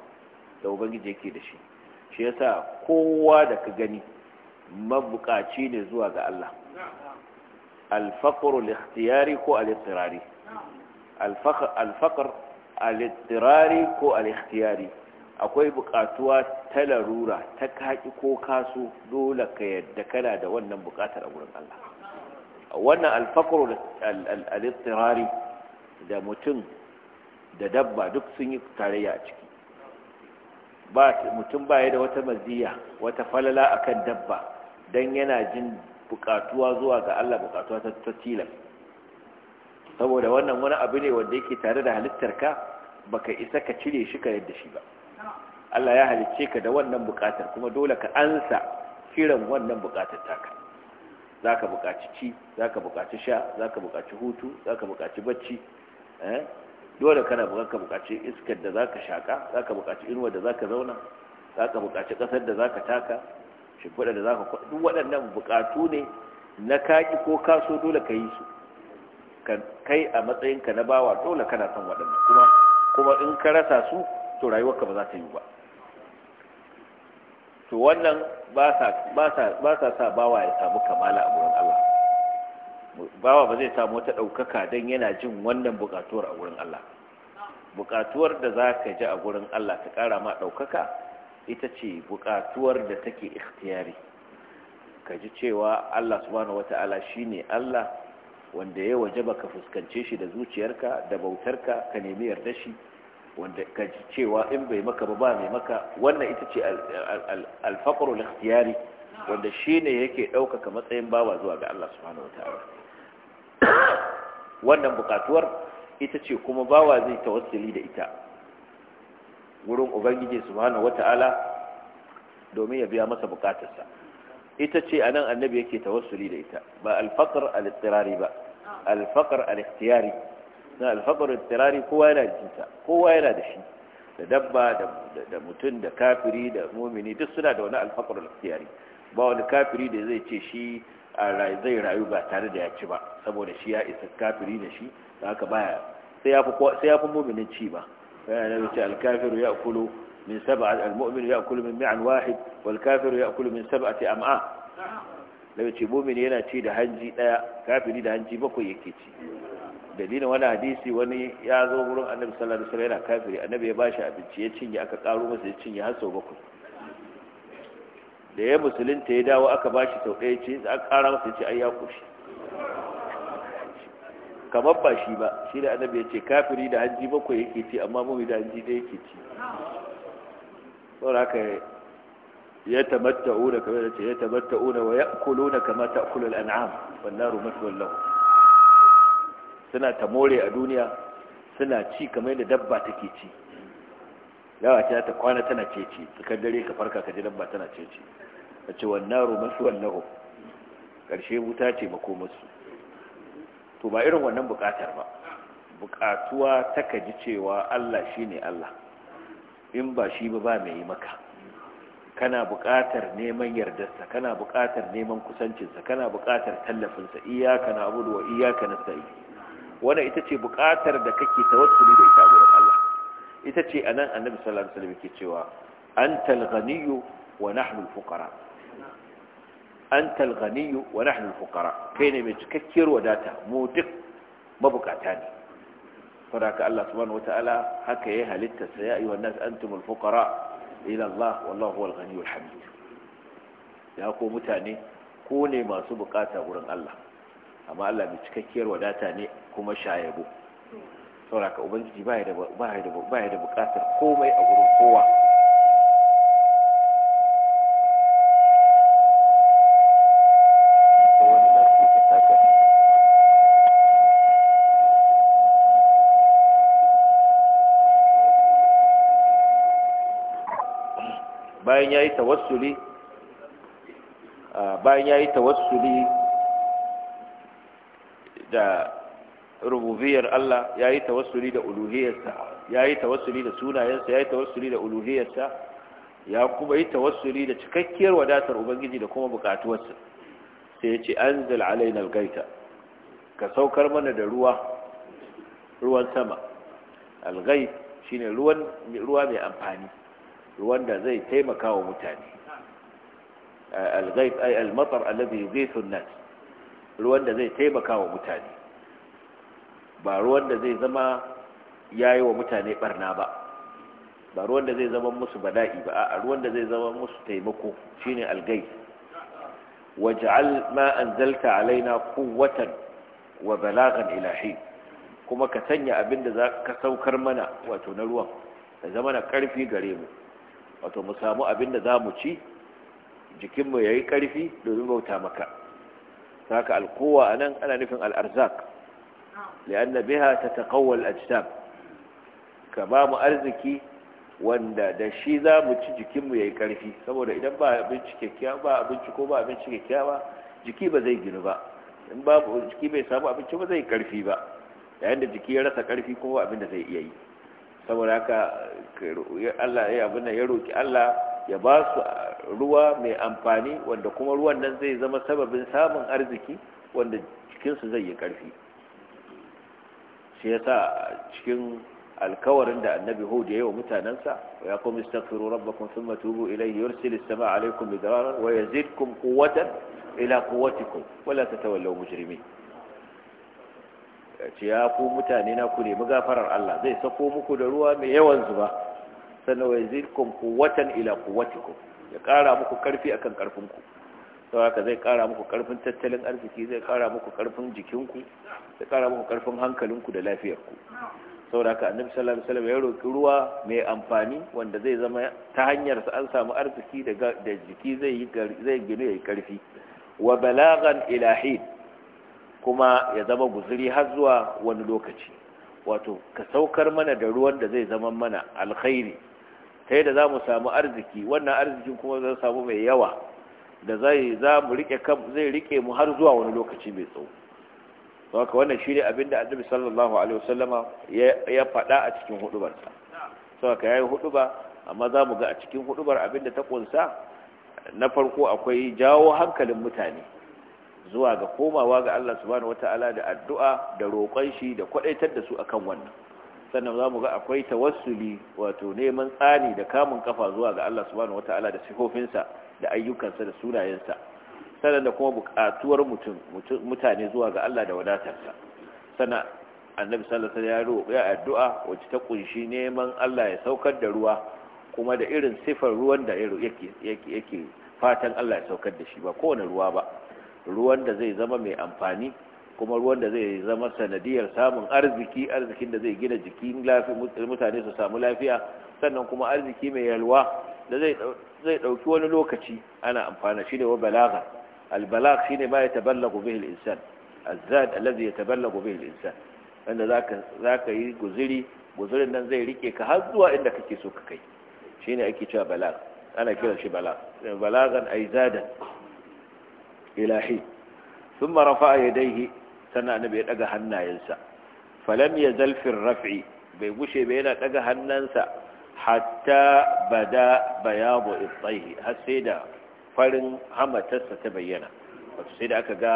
da ubangiji yake da shi shi yasa kowa da ka gani mabukaci ne zuwa ga Allah al-faqru li ikhtiyari ko al alfakar alittirari ko alikhtiyari akwai bukatuwa ta larura ta kaƙi ko kasu, dole ka yadda kana da wannan bukatar a wurin Allah wannan alfakar alittirari da mutum da dabba duk sun yi tarayya a ciki mutum baya da wata maziya wata falala akan dabba don yana jin bukatuwa zuwa ga Allah bukatuwa ta tilas saboda wannan wani abu ne wanda yake tare da halittarka baka isa ka cire shi ka yadda shi ba Allah ya halicce ka da wannan bukatar kuma dole ka ansa kiran wannan bukatar taka zaka bukaci ci zaka bukaci sha zaka bukaci hutu zaka bukaci bacci eh dole kana ka bukaci iskar da zaka shaka zaka bukaci inuwar da zaka zauna zaka bukaci kasar da zaka taka shimfiɗa da zaka duk waɗannan bukatu ne na kaki ko kaso dole ka yi su kai a matsayinka na bawa dole kana son waɗannan kuma kuma in ka rasa su to rayuwarka ba za ta yi ba to wannan ba sa sa bawa ya samu kamala a wurin Allah bawa ba zai samu wata ɗaukaka don yana jin wannan buƙatuwar a wurin Allah buƙatuwar da za ka ji a wurin Allah ta ƙara ma ɗaukaka ita ce buƙatuwar da take ikhtiyari ka ji cewa Allah subhanahu wata'ala shine Allah wanda ya ba ka fuskance shi da zuciyarka da bautarka ka nemi yarda shi wanda ka ji cewa in bai maka ba ba mai maka wannan ita ce alfaƙarul ikhtiyari wanda shi ne yake ɗaukaka matsayin bawa zuwa ga Allah subhanahu wataala (coughs) wannan buƙatuwar ita ce kuma bawa zai tawassuli da ita wurin ubangiji subhanahu wataala domin ya biya masa buƙatarsa ita ce a nan annabi yake tawassuli da ita ba al-faqr al-ittirari ba al-faqr al-ikhtiyari na al-faqr al-ittirari kowa yana da shi kowa yana da shi da dabba da mutum da kafiri da mumini duk suna da wani al-faqr al-ikhtiyari ba wani kafiri da zai ce shi zai rayu ba tare da ya ci ba saboda shi ya isa kafiri da shi da haka baya sai ya fi muminin ci ba yana da mace alkafiru ya kulu من سبعة المؤمن يأكل من معن واحد والكافر يأكل من سبعة أمعاء لو يتي مؤمن ينا تي ده هنجي ده كافر ده هنجي بكو يكيتي dalilin wani hadisi wani ya zo wurin annabi sallallahu alaihi wasallam yana kafiri annabi ya bashi abinci ya cinye aka karo masa ya cinye har sau bakwai da ya musulunta ya dawo aka bashi sau ɗaya ce aka kara masa ya ce ai ya koshi kamar ba shi ba shi da annabi ya ce kafiri da hanji bakwai yake ci amma mumi da hanji ɗaya yake ci saboda haka ya tabbata da kamar ce ya tabbata da wa ya'kulu na ta kula al'an'am wannan maswal lahu suna ta more a duniya suna ci kamar yadda dabba take ci yawa ta ta kwana tana ceci tsakar dare ka farka ka ji dabba tana ceci a ce wannaru maswal lahu karshe wuta ce makomarsu to ba irin wannan bukatar ba bukatuwa ta ka ji cewa Allah shi ne Allah in ba shi ba ba mai yi maka kana buƙatar neman yardarsa kana buƙatar neman kusancinsa kana buƙatar tallafinsa iyaka na abudu wa iyaka na sa'i wanda ita ce buƙatar da kake tawassuli da ita a gurin Allah ita ce a nan annabi sallallahu alaihi wasallam ke cewa antal ghaniyyu wa nahnu al-fuqara antal ghaniyyu wa nahnu al-fuqara kai ne mai cikakkiyar wadata mu duk mabukata ne saboda Allah subhanahu wataala haka yayi halitta sa ya ayyuhan nas antumul fuqara ila Allah wallahu huwal ghaniyul hamid ya ko mutane ko ne masu bukata wurin Allah amma Allah mai cikakkiyar wadata ne kuma shayabo saboda ka ubangiji baya da baya da baya bukatar komai a wurin kowa bayan yi tawassuli bayan yi tawassuli da rububiyar Allah ya yi tawassuli da uluhiyarsa yi tawassuli da sunayensa ya yi tawassuli da uluhiyarsa ya kuma yi tawassuli da cikakkiyar wadatar ubangiji da kuma bukatuwarsa sai ya ce anzil alaina algaita ka saukar mana da ruwa ruwan sama algai shine ruwan ruwa mai amfani ruwan da zai taimaka wa mutane al alladhi yughithu an-nas ruwan da zai taimaka wa mutane ba ruwan da zai zama yayi wa mutane barna ba ba ruwan da zai zama musu bala'i ba a ruwan da zai zama musu taimako shine al-ghaith waj'al ma anzalta alaina quwwatan wa balagan ila kuma ka sanya abin da za ka saukar mana wato na ruwan da zama na karfi gare mu wato mu samu abin da za mu ci jikinmu ya yi ƙarfi domin bauta maka ka alkowa a nan ana nufin al'arzak li'anna biya ta taƙawal jita ka ba mu arziki wanda da shi za mu ci jikinmu ya yi ƙarfi saboda idan ba abinci kyakkyawa ba abinci ko ba abinci kyakkyawa jiki ba zai ginu ba in ba jiki bai samu abinci ba zai ƙarfi ba yayin da jiki ya rasa ƙarfi kuma abin da zai iya yi saboda haka Allah ya abin ya roki Allah ya ba su ruwa mai amfani wanda kuma ruwan nan zai zama sababin samun arziki wanda cikinsu zai yi ƙarfi shi yasa cikin alkawarin da annabi hud ya yi wa mutanensa ya kuma istaghfiru rabbakum thumma tubu ilayhi yursil as-samaa alaykum midraran wa yazidkum quwwatan ila quwwatikum wala tatawallaw mujrimin ce ya ku mutane na ku nemi gafarar Allah zai sako muku da ruwa mai yawan zuba sannan wa ku watan ila quwwatikum ya kara muku karfi akan karfin ku to haka zai kara muku karfin tattalin arziki zai kara muku karfin jikinku zai kara muku karfin hankalinku da lafiyarku saboda haka annabi sallallahu alaihi wasallam ya roki ruwa mai amfani wanda zai zama ta hanyar sa an samu arziki da jiki zai yi zai ginu yayi karfi wa balagan ilahin kuma ya zama guzuri har zuwa wani lokaci wato ka saukar mana da ruwan da zai zama mana alkhairi ta yadda za mu samu arziki wannan arziki kuma zai samu mai yawa da zai zai rike mu har zuwa wani lokaci mai tsawo haka wannan shi ne abin da annabi sallallahu alaihi wasallama ya faɗa a cikin hudubarsa saboda yayi huduba amma za mu ga a cikin hudubar abin da ta ƙunsa. na farko akwai jawo hankalin mutane zuwa ga komawa ga Allah subhanahu wata'ala da addu'a da roƙon shi da kwadaitar da su akan wannan sannan zamu ga akwai tawassuli wato neman tsani da kamun kafa zuwa ga Allah subhanahu wata'ala da sifofinsa da ayyukansa da sunayensa sannan da kuma buƙatuwar mutum mutane zuwa ga Allah da wadatarsa sannan annabi sallallahu alaihi wasallam ya roƙi addu'a wacce ta kunshi neman Allah ya saukar da ruwa kuma da irin sifar ruwan da yake yake fatan Allah ya saukar da shi ba kowane ruwa ba ruwan da zai zama mai amfani kuma ruwan da zai zama sanadiyar samun arziki arzikin da zai gina jikin mutane su samu lafiya sannan kuma arziki mai yalwa da zai ɗauki wani lokaci ana amfana shi ne wa balaga albalag shi ne ma ya taballagu bihil insan azzad allazi ya taballagu bihil insan wanda za ka yi guziri guzirin nan zai rike ka har zuwa inda kake so ka kai shi ne ake cewa balag ana kiran shi balag balagan aizadan ilahi ثم رفع sannan سنة نبي دغا hannayensa فلم ya zalfin الرفع bai gushe bai yana daga hannansa hatta bada bayadu ibtaihi har sai da farin hamatarsa ta bayyana wato sai da aka ga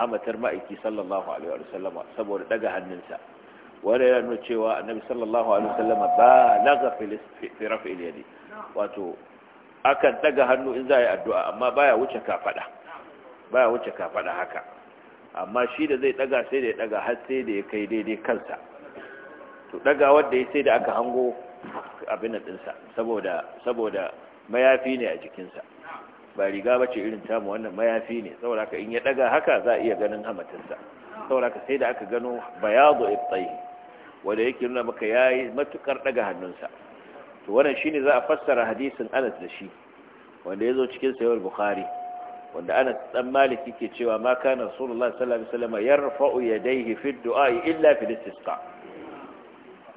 hamatar ma'aiki sallallahu alaihi wa sallama saboda daga hannunsa wanda yana nuna cewa annabi sallallahu alaihi wa sallama balagha fi raf'il yadi wato akan daga hannu in za a yi addu'a amma baya wuce ka fada ba wuce ka faɗa haka amma shi da zai ɗaga sai da ya ɗaga har sai da ya kai daidai kansa to ɗaga wanda ya sai da aka hango abin ɗinsa saboda saboda mayafi ne a jikinsa ba riga ba ce irin tamu wannan mayafi ne saboda in ya ɗaga haka za a iya ganin hamatinsa saboda sai da aka gano bayadu ibtai wanda yake nuna maka yayi matukar ɗaga hannunsa to wannan shine za a fassara hadisin Anas da shi wanda yazo cikin sahih Bukhari wanda ana dan maliki ke cewa ma kana rasulullah sallallahu alaihi wasallam yarfa'u yadayhi fi du'a illa fi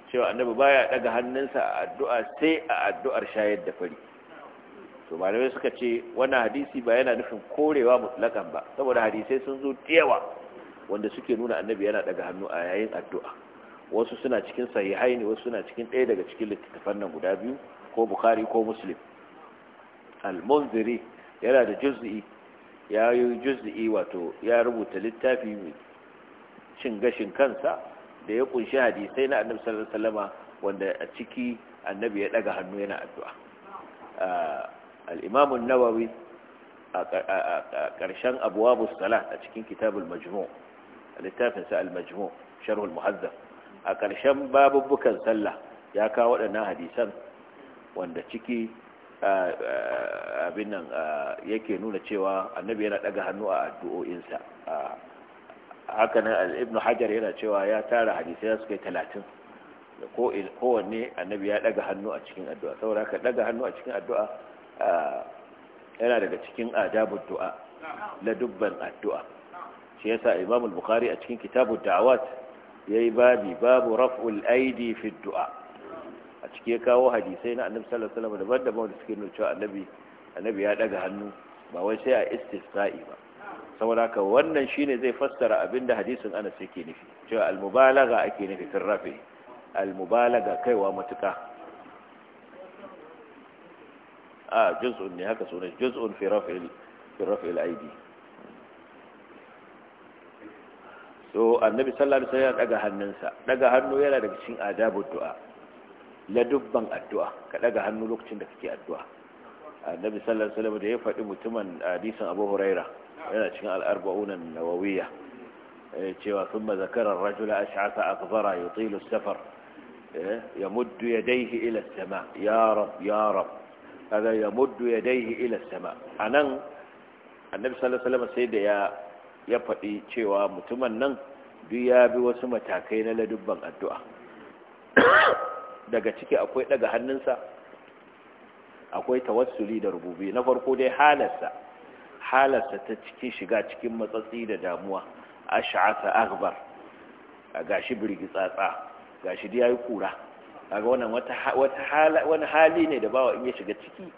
cewa annabi baya daga hannunsa a addu'a sai a addu'ar shayar da fari to malamai suka ce wannan hadisi ba yana nufin korewa mutlakan ba saboda hadisai sun zo yawa wanda suke nuna annabi yana daga hannu a yayin addu'a wasu suna cikin sahihai ne wasu suna cikin ɗaya daga cikin littattafan nan guda biyu ko bukhari ko muslim al-munziri yana da juz'i ya yi juz'i wato ya rubuta littafi mai cin gashin kansa da ya kunshi hadisai na annabi sallallahu alaihi wasallama wanda a ciki annabi ya daga hannu yana addu'a al-imam an-nawawi a ƙarshen abwabus salat a cikin kitabul majmu' littafin sa al-majmu' sharh al-muhazzab a ƙarshen babubukan sallah ya kawo waɗannan hadisan wanda ciki abin nan yake nuna cewa annabi yana daga hannu a addu'o'insa haka nan ibn hajar yana cewa ya tara hadisai suka yi talatin kowanne annabi ya daga hannu a cikin addu'a saboda haka daga hannu a cikin addu'a yana daga cikin adabun du'a la dubban addu'a shi yasa imamul bukhari a cikin kitabu da'awat yayi babi babu raf'ul aidi fi du'a a ciki ya kawo hadisai na annabi sallallahu alaihi wasallam daban-daban da suke nuna cewa annabi annabi ya daga hannu ba wai sai a istisna'i ba saboda haka wannan shine zai fassara abinda hadisin Anas yake nufi cewa al mubalagha ake nufi fil rafi al mubalagha kaiwa matuka a juz'un ne haka sunan juz'un fi raf'il fi raf'il aidi so annabi sallallahu alaihi wasallam daga hannunsa daga hannu yana daga cikin adabu du'a La dubban addu'a ka daga hannu lokacin da kake addu'a annabi sallallahu alaihi wasallam da ya faɗi mutumin hadisin abu huraira yana cikin al'arba'una nawawiyya eh, cewa sun zakara rajula ash'asa akbara yutilu safar eh, yamuddu yadayhi ila sama ya rab ya rab kaga yamuddu yadayhi ila sama anan annabi sallallahu alaihi wasallam sai da ya ya faɗi cewa mutumin nan duk ya bi wasu matakai na ladubban addu'a daga ciki akwai daga hannunsa akwai tawassuli da rububi na farko dai halarsa halarsa ta cikin shiga cikin matsatsi da damuwa ash'asa a gashi tsatsa. gashi ya yi kura kaga wannan wata wata wani hali ne da bawa in ya shiga ciki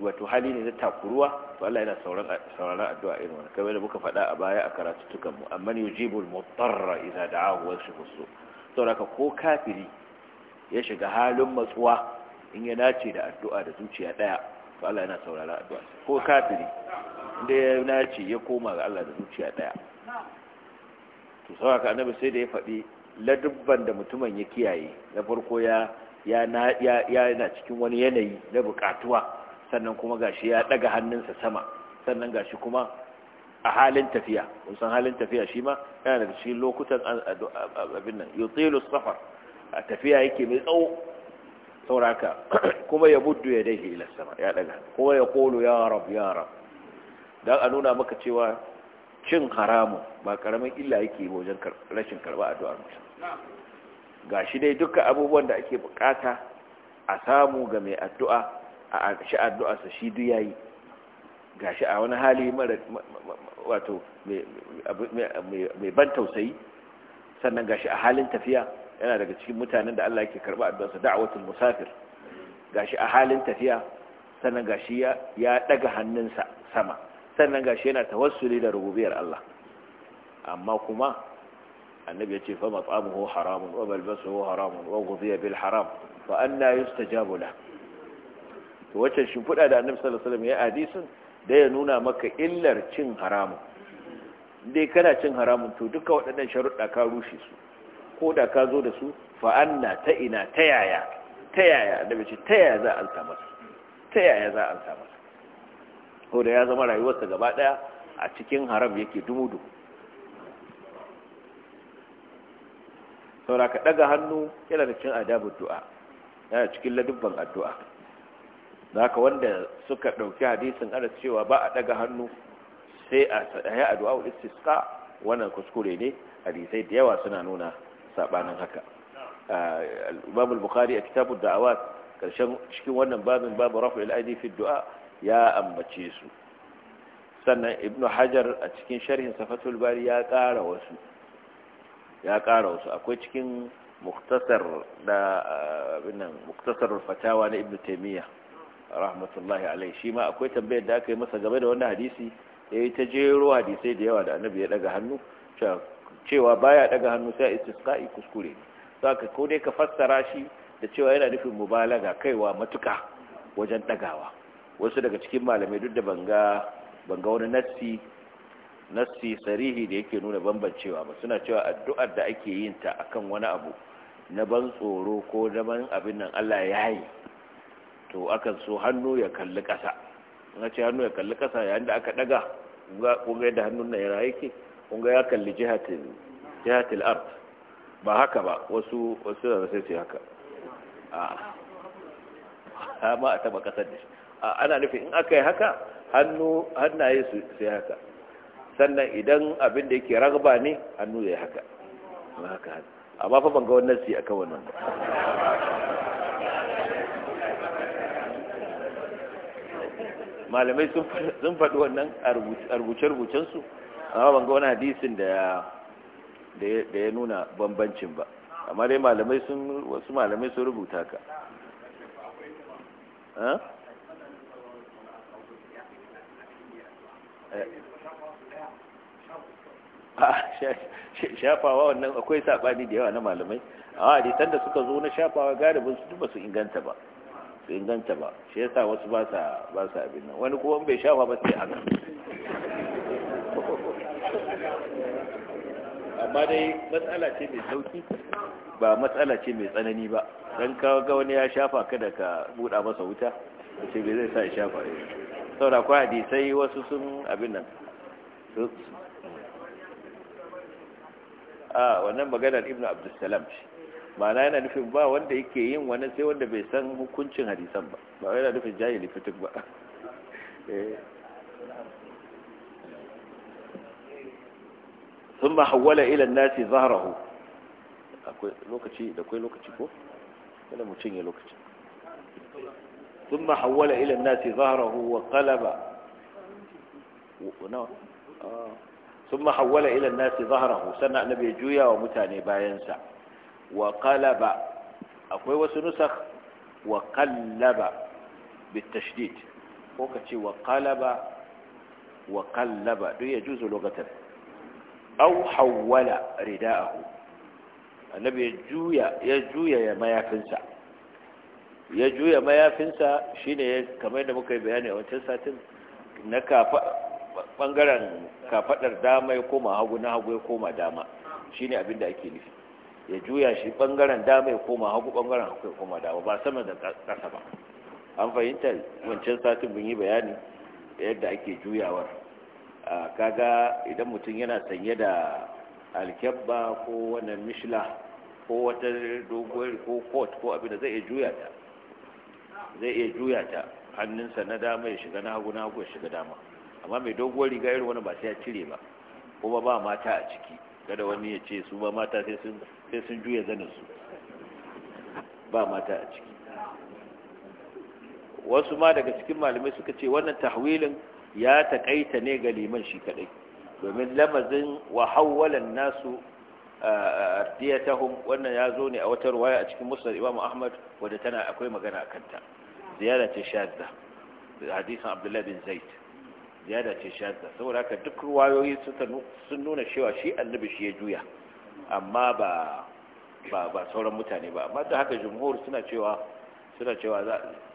wato hali ne na takuruwa to Allah yana sauraron addu'a irin wannan kamar da muka faɗa a baya a karatu tukan mu amman yujibul mutarra idza da'ahu wa shukusu to ko kafiri ya shiga halin matsuwa in ya dace da addu'a da zuciya daya to Allah yana saurara addu'a ko kafiri inda ya nace ya koma ga Allah da zuciya daya to saboda annabi sai da ya faɗi ladubban da mutumin ya kiyaye na farko ya ya yana cikin wani yanayi na bukatuwa sannan kuma gashi ya daga hannunsa sama sannan gashi kuma a halin tafiya kusan halin tafiya shi ma yana daga cikin lokutan abin nan yutilu safar a tafiya yake mai tsawo sauraka (clears throat) kuma ya buddu ya dahi ila sama ya daga kuma ya kolo ya rab ya rab don a nuna maka cewa cin haramun ba karamin illa yake wajen rashin karba addu'ar mutum shi dai duka abubuwan da ake bukata a samu ga mai addu'a a shi addu'a sa shi duk yayi shi a wani hali mara wato mai ban tausayi sannan ga shi a halin tafiya yana daga cikin mutanen da Allah yake karba addu'arsa da'watul musafir gashi a halin tafiya sannan gashi ya ya daga hannunsa sama sannan gashi yana tawassuli da rububiyar Allah amma kuma annabi yace fa mat'amuhu haramun wa malbasuhu haramun wa ghudhiya bil haram fa anna yustajabu la to wacce fuda da annabi sallallahu alaihi wasallam ya hadisin da ya nuna maka illar cin haramun dai kana cin haramun to duka waɗannan sharuɗa ka rushe su ko da ka zo da su fa'anna ta ina ta yaya ta yaya da mace ta yaya za a alta ta yaya za a alta masa ko da ya zama rayuwarsa gaba daya a cikin haram yake dumudu saura ka daga hannu yana da cin adabin du'a yana cikin ladubban addu'a zaka wanda suka dauki hadisin ana cewa ba a daga hannu sai a sadaya addu'a ul istisqa wannan kuskure ne hadisai da yawa suna nuna sabanin haka babu ah, bukhari a kitabud da'awa karshen cikin wannan babin babu raf'il aidi fi du'a ya ambace su sannan ibnu hajar a cikin sharhin safatul bari ya ƙara wasu ya ƙara wasu akwai cikin muktasar da ah, binan muktasar fatawa na ibnu taimiyya rahmatullahi alaihi shi ma akwai tambayar da aka yi masa game da wannan hadisi yayi ta jero hadisai da yawa da annabi ya daga hannu cewa baya daga hannu sai istisqa'i kuskure saka ko dai ka fassara shi da cewa yana nufin mubalaga kaiwa matuka wajen dagawa wasu daga cikin malamai duk da banga banga wani nassi nassi sarihi da yake nuna bambancewa ba suna cewa addu'ar da ake yin ta akan wani abu na ban tsoro ko na abin nan Allah ya yi to akan so hannu ya kalli ƙasa in ce hannu ya kalli ƙasa yayin da aka daga kun ga yadda hannun nan ya kun ga ya kalli jihatil jihatil ba haka ba wasu wasu da sai su haka a ma a taba kasar da shi ana nufi in aka yi haka hannu hannaye su sai haka sannan idan abin da yake ragaba ne hannu ya haka ba haka a amma fa ban ga wannan si akan wannan malamai sun faɗi wannan a rubuce-rubucensu amma ban ga wani hadisin da da ya nuna bambancin ba amma dai malamai sun wasu malamai sun rubuta ka eh. ah, shafawa wannan akwai saɓani da yawa na malamai a hadisan da suka zo na shafawa galibin su ba su inganta ba su inganta ba shi yasa wasu ba sa abin nan wani kuma bai shafa ba sai a amma dai matsala ce mai sauki ba matsala ce mai tsanani ba don ga wani ya shafa kada ka buɗa masa wuta da ce bai zai sa ya shafa ya saura kwa hadisai wasu sun abin nan a wannan maganar ibn abdussalam ce ma'ana yana nufin ba wanda yake yin wani sai wanda bai san hukuncin hadisan ba ba yana nufin jayi lifitin ba (laughs) eh. sun ma hawala ilan nasi zaharahu akwai lokaci da akwai lokaci ko kada mu cinye lokaci sun ma hawala ilan nasi zaharahu wa qalaba sun ma hawala ilan nasi zaharahu sannan annabi ya juya wa mutane bayansa wa qalaba akwai wasu nusakh wa qallaba بالتشديد وكتي duk وقلب juzo lokacin. au hawwala rida'ahu annabi ya juya ya juya ya mayafinsa ya juya mayafinsa shine kamar da muka yi bayani a wancan satin na kafa bangaren kafadar dama ya koma hagu na hagu ya koma dama shine abin da ake nufi ya juya shi bangaren dama ya koma hagu bangaren hagu ya koma dama ba sama da kasa ba an fahimta wancan satin mun yi bayani yadda ake juyawar kaga idan mutum yana sanye da alkyabba ko wannan mishla ko wata doguwar ko kot ko abin da zai iya juya ta zai iya juya ta hannunsa na dama ya shiga na hagu na hagu ya shiga dama amma mai doguwar riga irin wani ba sai ya cire ba kuma ba mata a ciki kada wani ya ce su ba mata sai sun juya zanin su ba mata a ciki wasu ma daga cikin malamai suka ce wannan tahwilin ya taƙaita ne ga liman shi kaɗai domin lamazin wa hawwalan nasu ardiyatahum wannan ya zo ne a wata ruwaya a cikin musnad imam ahmad wanda tana akwai magana a ta ziyara ce shadda hadisin abdullahi bin zaid ziyara ce shadda saboda haka duk ruwayoyi sun nuna cewa shi annabi shi ya juya amma ba ba ba sauran mutane ba amma da haka jumhur suna cewa suna cewa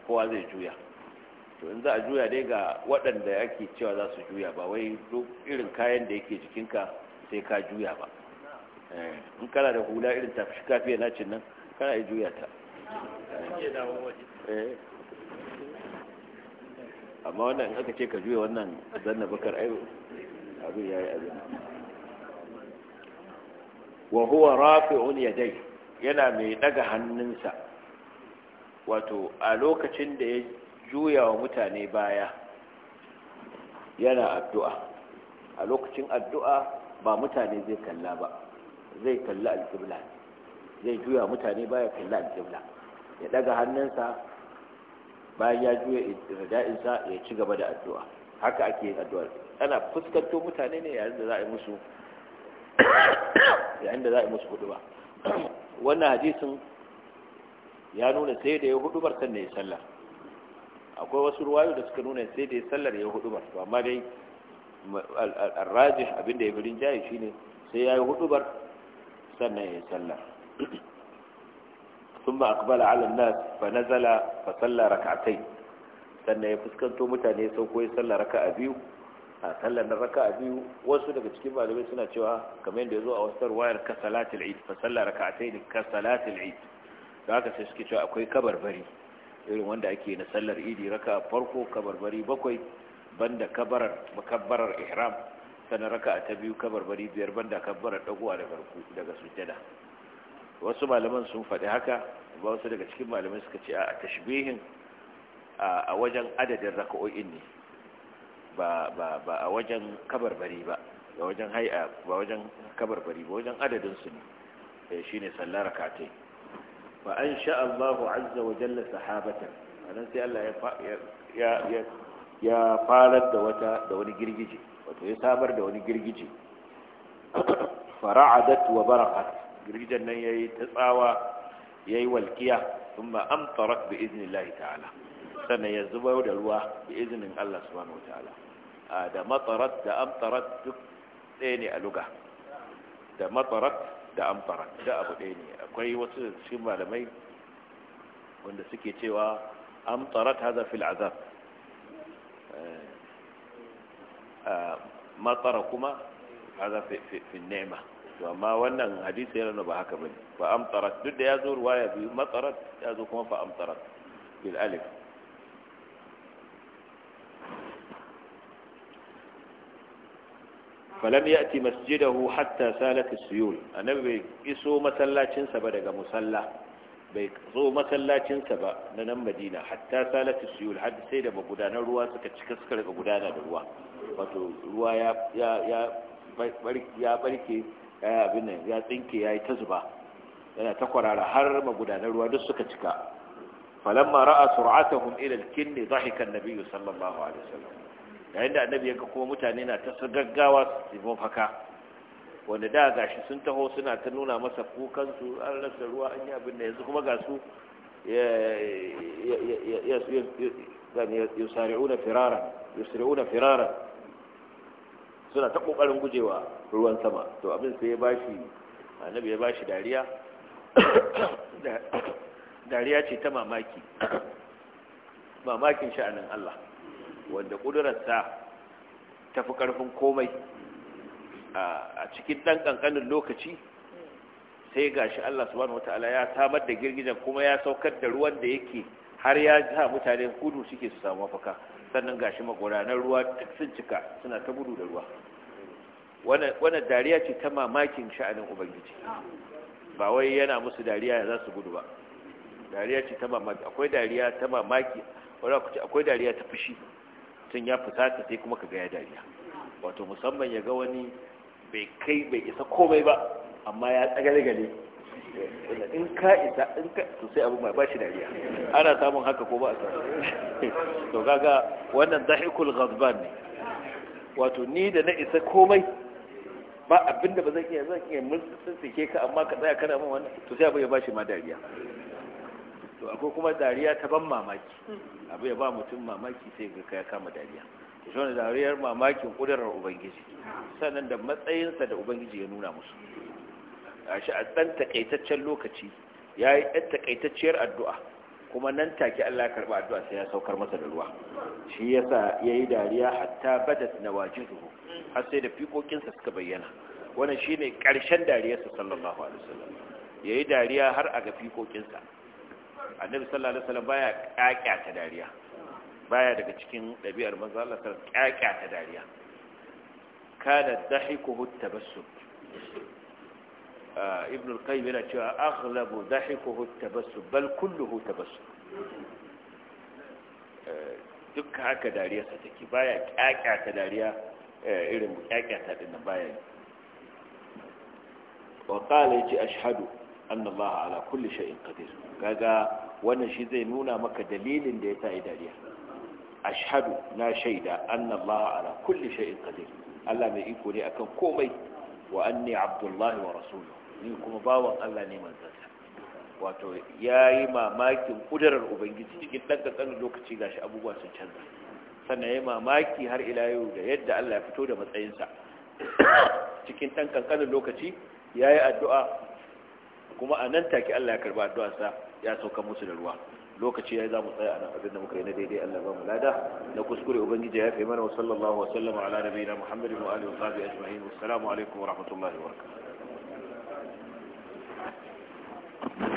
kowa zai juya to in za a juya dai ga waɗanda yake cewa za su juya ba wai irin kayan da yake jikinka sai ka juya ba eh, in kana da hula irin tafi kafiya na cin nan kana yi juya ta eh, amma wannan aka ce ka juya wannan zanna bakar ayo abin ya yi abin wa huwa rafi'un dai yana mai daga hannunsa wato a lokacin da ya juya wa mutane baya yana addu'a a lokacin addu'a ba mutane zai kalla ba zai kalla alƙibla zai juya mutane baya kalla alƙibla ya daga hannunsa bayan ya juya sa, ya ci gaba da addu'a haka ake yin addu'a ana fuskanto mutane ne yayin da za a yi musu yayin da za a yi musu hudu ba wannan hadisin ya nuna sai da ya hudu bar da ya sallah akwai wasu ruwayo da suka nuna sai da ya sallar ya hudu ba to amma dai al-rajih abinda ya birin jayi shine sai yi hudu bar sannan ya sallar ثم na fa nazala fa فصلى ركعتين sannan ya fuskanto mutane sau ko ya sallar raka'a biyu a sallar raka'a biyu wasu daga cikin malamai suna cewa kamar yadda ya zo a wasu wayar ka salatul eid fa sallar raka'atayn ka salatul eid da haka sai suke cewa akwai kabarbari irin wanda ake na sallar idi raka farko kabarbari bakwai banda kabarar makabarar ihram sannan raka ta biyu kabarbari biyar banda kabarar dagowa daga daga sujjada wasu malaman sun faɗi haka ba wasu daga cikin malamai suka ce a tashbihin a wajen adadin raka'o'in ne ba ba ba a wajen kabarbari ba ba wajen hay'a ba wajen kabarbari ba wajen adadin su ne eh, shine sallar rakatai fa an sha Allahu azza wa jalla sahabatan anan sai Allah ya ya farar da wata da wani girgije wato ya samar da wani girgije fara'adat wa barakat girgijen nan yayi ta tsawa yayi walkiya thumma amtarat bi iznillahi ta'ala sannan ya da ruwa bi iznin Allah subhanahu wa ta'ala ah, da matarat da amtarat duk ɗaya ne a luga da matarat da amfara da abu ɗaya ne akwai wasu cikin malamai wanda suke cewa amtarat haza fil azab eh, eh, matsara kuma haza fil ni'ma to amma wannan hadisi yana ba haka bane fa amtarat duk da ya zo ruwaya bi matsarat yazo kuma fa amtarat bil alif falam ya'ti masjidahu hatta salat as-suyul annabi bai iso masallacinsa ba daga musalla bai zo masallacinsa ba na nan Madina hatta salat as-suyul har sai da magudanan ruwa suka cika suka daga gudana da ruwa wato ruwa ya ya ya ya barke ya abin ya tsinke yayi ta zuba yana ta kwarara har magudanan ruwa duk suka cika falamma ra'a sur'atahum ila al-kinni dhahika an-nabi sallallahu alaihi wasallam yayin da annabi ya ga kuma mutane na ta gaggawa su mafaka wanda da gashi sun taho suna ta nuna masa su an rasa ruwa an yi abin da yanzu kuma ga su sari'una firara suna ta kokarin gujewa ruwan sama to abin sai ya bashi annabi ya bashi dariya (coughs) (coughs) dariya ce ta mamaki (coughs) mamakin sha'anin Allah wanda ƙudurarsa ta fi ƙarfin komai a cikin ɗan ƙanƙanin lokaci sai ga shi Allah subhanahu wata'ala ya samar da girgijen kuma ya saukar da ruwan da yake har ya sa mutane Kudu suke su samu mafaka sannan ga shi magudanar ruwa duk sun cika suna ta gudu da ruwa wannan dariya ce ta mamakin sha'anin ubangiji ba wai yana musu dariya za su gudu ba dariya ce ta mamaki akwai dariya ta mamaki wani akwai dariya ta fushi tun ya fusata sai kuma ka ga ya dariya wato musamman ya ga wani bai kai bai isa komai ba amma ya tsagale-gale in ka isa in ka to sai abu mai ba shi dariya ana samun haka ko ba a samu (laughs) to kaga wannan dahikul ghadban ne wato ni da na isa komai ba abinda ba zan iya zan iya mulkin sike ka amma ka tsaya kana min wannan to sai abu ya ba shi ma dariya to akwai kuma dariya ta ban mamaki abu ya ba mutum mamaki sai ga ya kama dariya to shi dariyar mamakin kudurar ubangiji sannan da matsayinsa da ubangiji ya nuna musu a a ɗan takaitaccen lokaci ya yi ɗan takaitacciyar addu'a kuma nan take Allah karɓi addu'a sai ya saukar masa da ruwa shi yasa ya yi dariya hatta badat na wajihu har sai da fikokinsa suka bayyana wannan shine ƙarshen dariyarsa sallallahu alaihi wasallam ya yi dariya har a ga fikokinsa annabi sallallahu alaihi wasallam baya ta dariya baya daga cikin dabi'ar manzo Allah sallallahu alaihi wasallam ta dariya kana dahikuhu tabassum ah, ibn al-qayyim yana cewa aghlabu dahikuhu tabassum bal kulluhu tabassum eh, duk haka dariyarsa take baya ta dariya eh, irin ta dinnan baya wa qala yace ashhadu anna Allah ala kulli shay'in qadir kaga wannan shi zai nuna maka dalilin da yasa dariya. ashhadu na shaida anna Allah ala kulli shay'in qadir Allah mai iko ne akan komai wa anni abdullahi wa rasuluhu ni kuma bawan Allah ne manzansa wato yayi mamakin kudarar ubangiji cikin dan kankan lokaci gashi abubuwa sun canza sannan yayi mamaki har ila yau da yadda Allah ya fito da matsayinsa (coughs) cikin dan kankan lokaci yayi addu'a kuma a nan take Allah ya karba addu'ar sa ya sauka musu da ruwa lokaci ya za mu tsaya a nan abin da muka yi na daidai Allah ba mu lada na kuskure ubangiji ya fi mana wa sallallahu wa sallama ala nabiyina muhammadin wa alihi wa sahbihi ajma'in wassalamu alaikum wa rahmatullahi wa barakatuh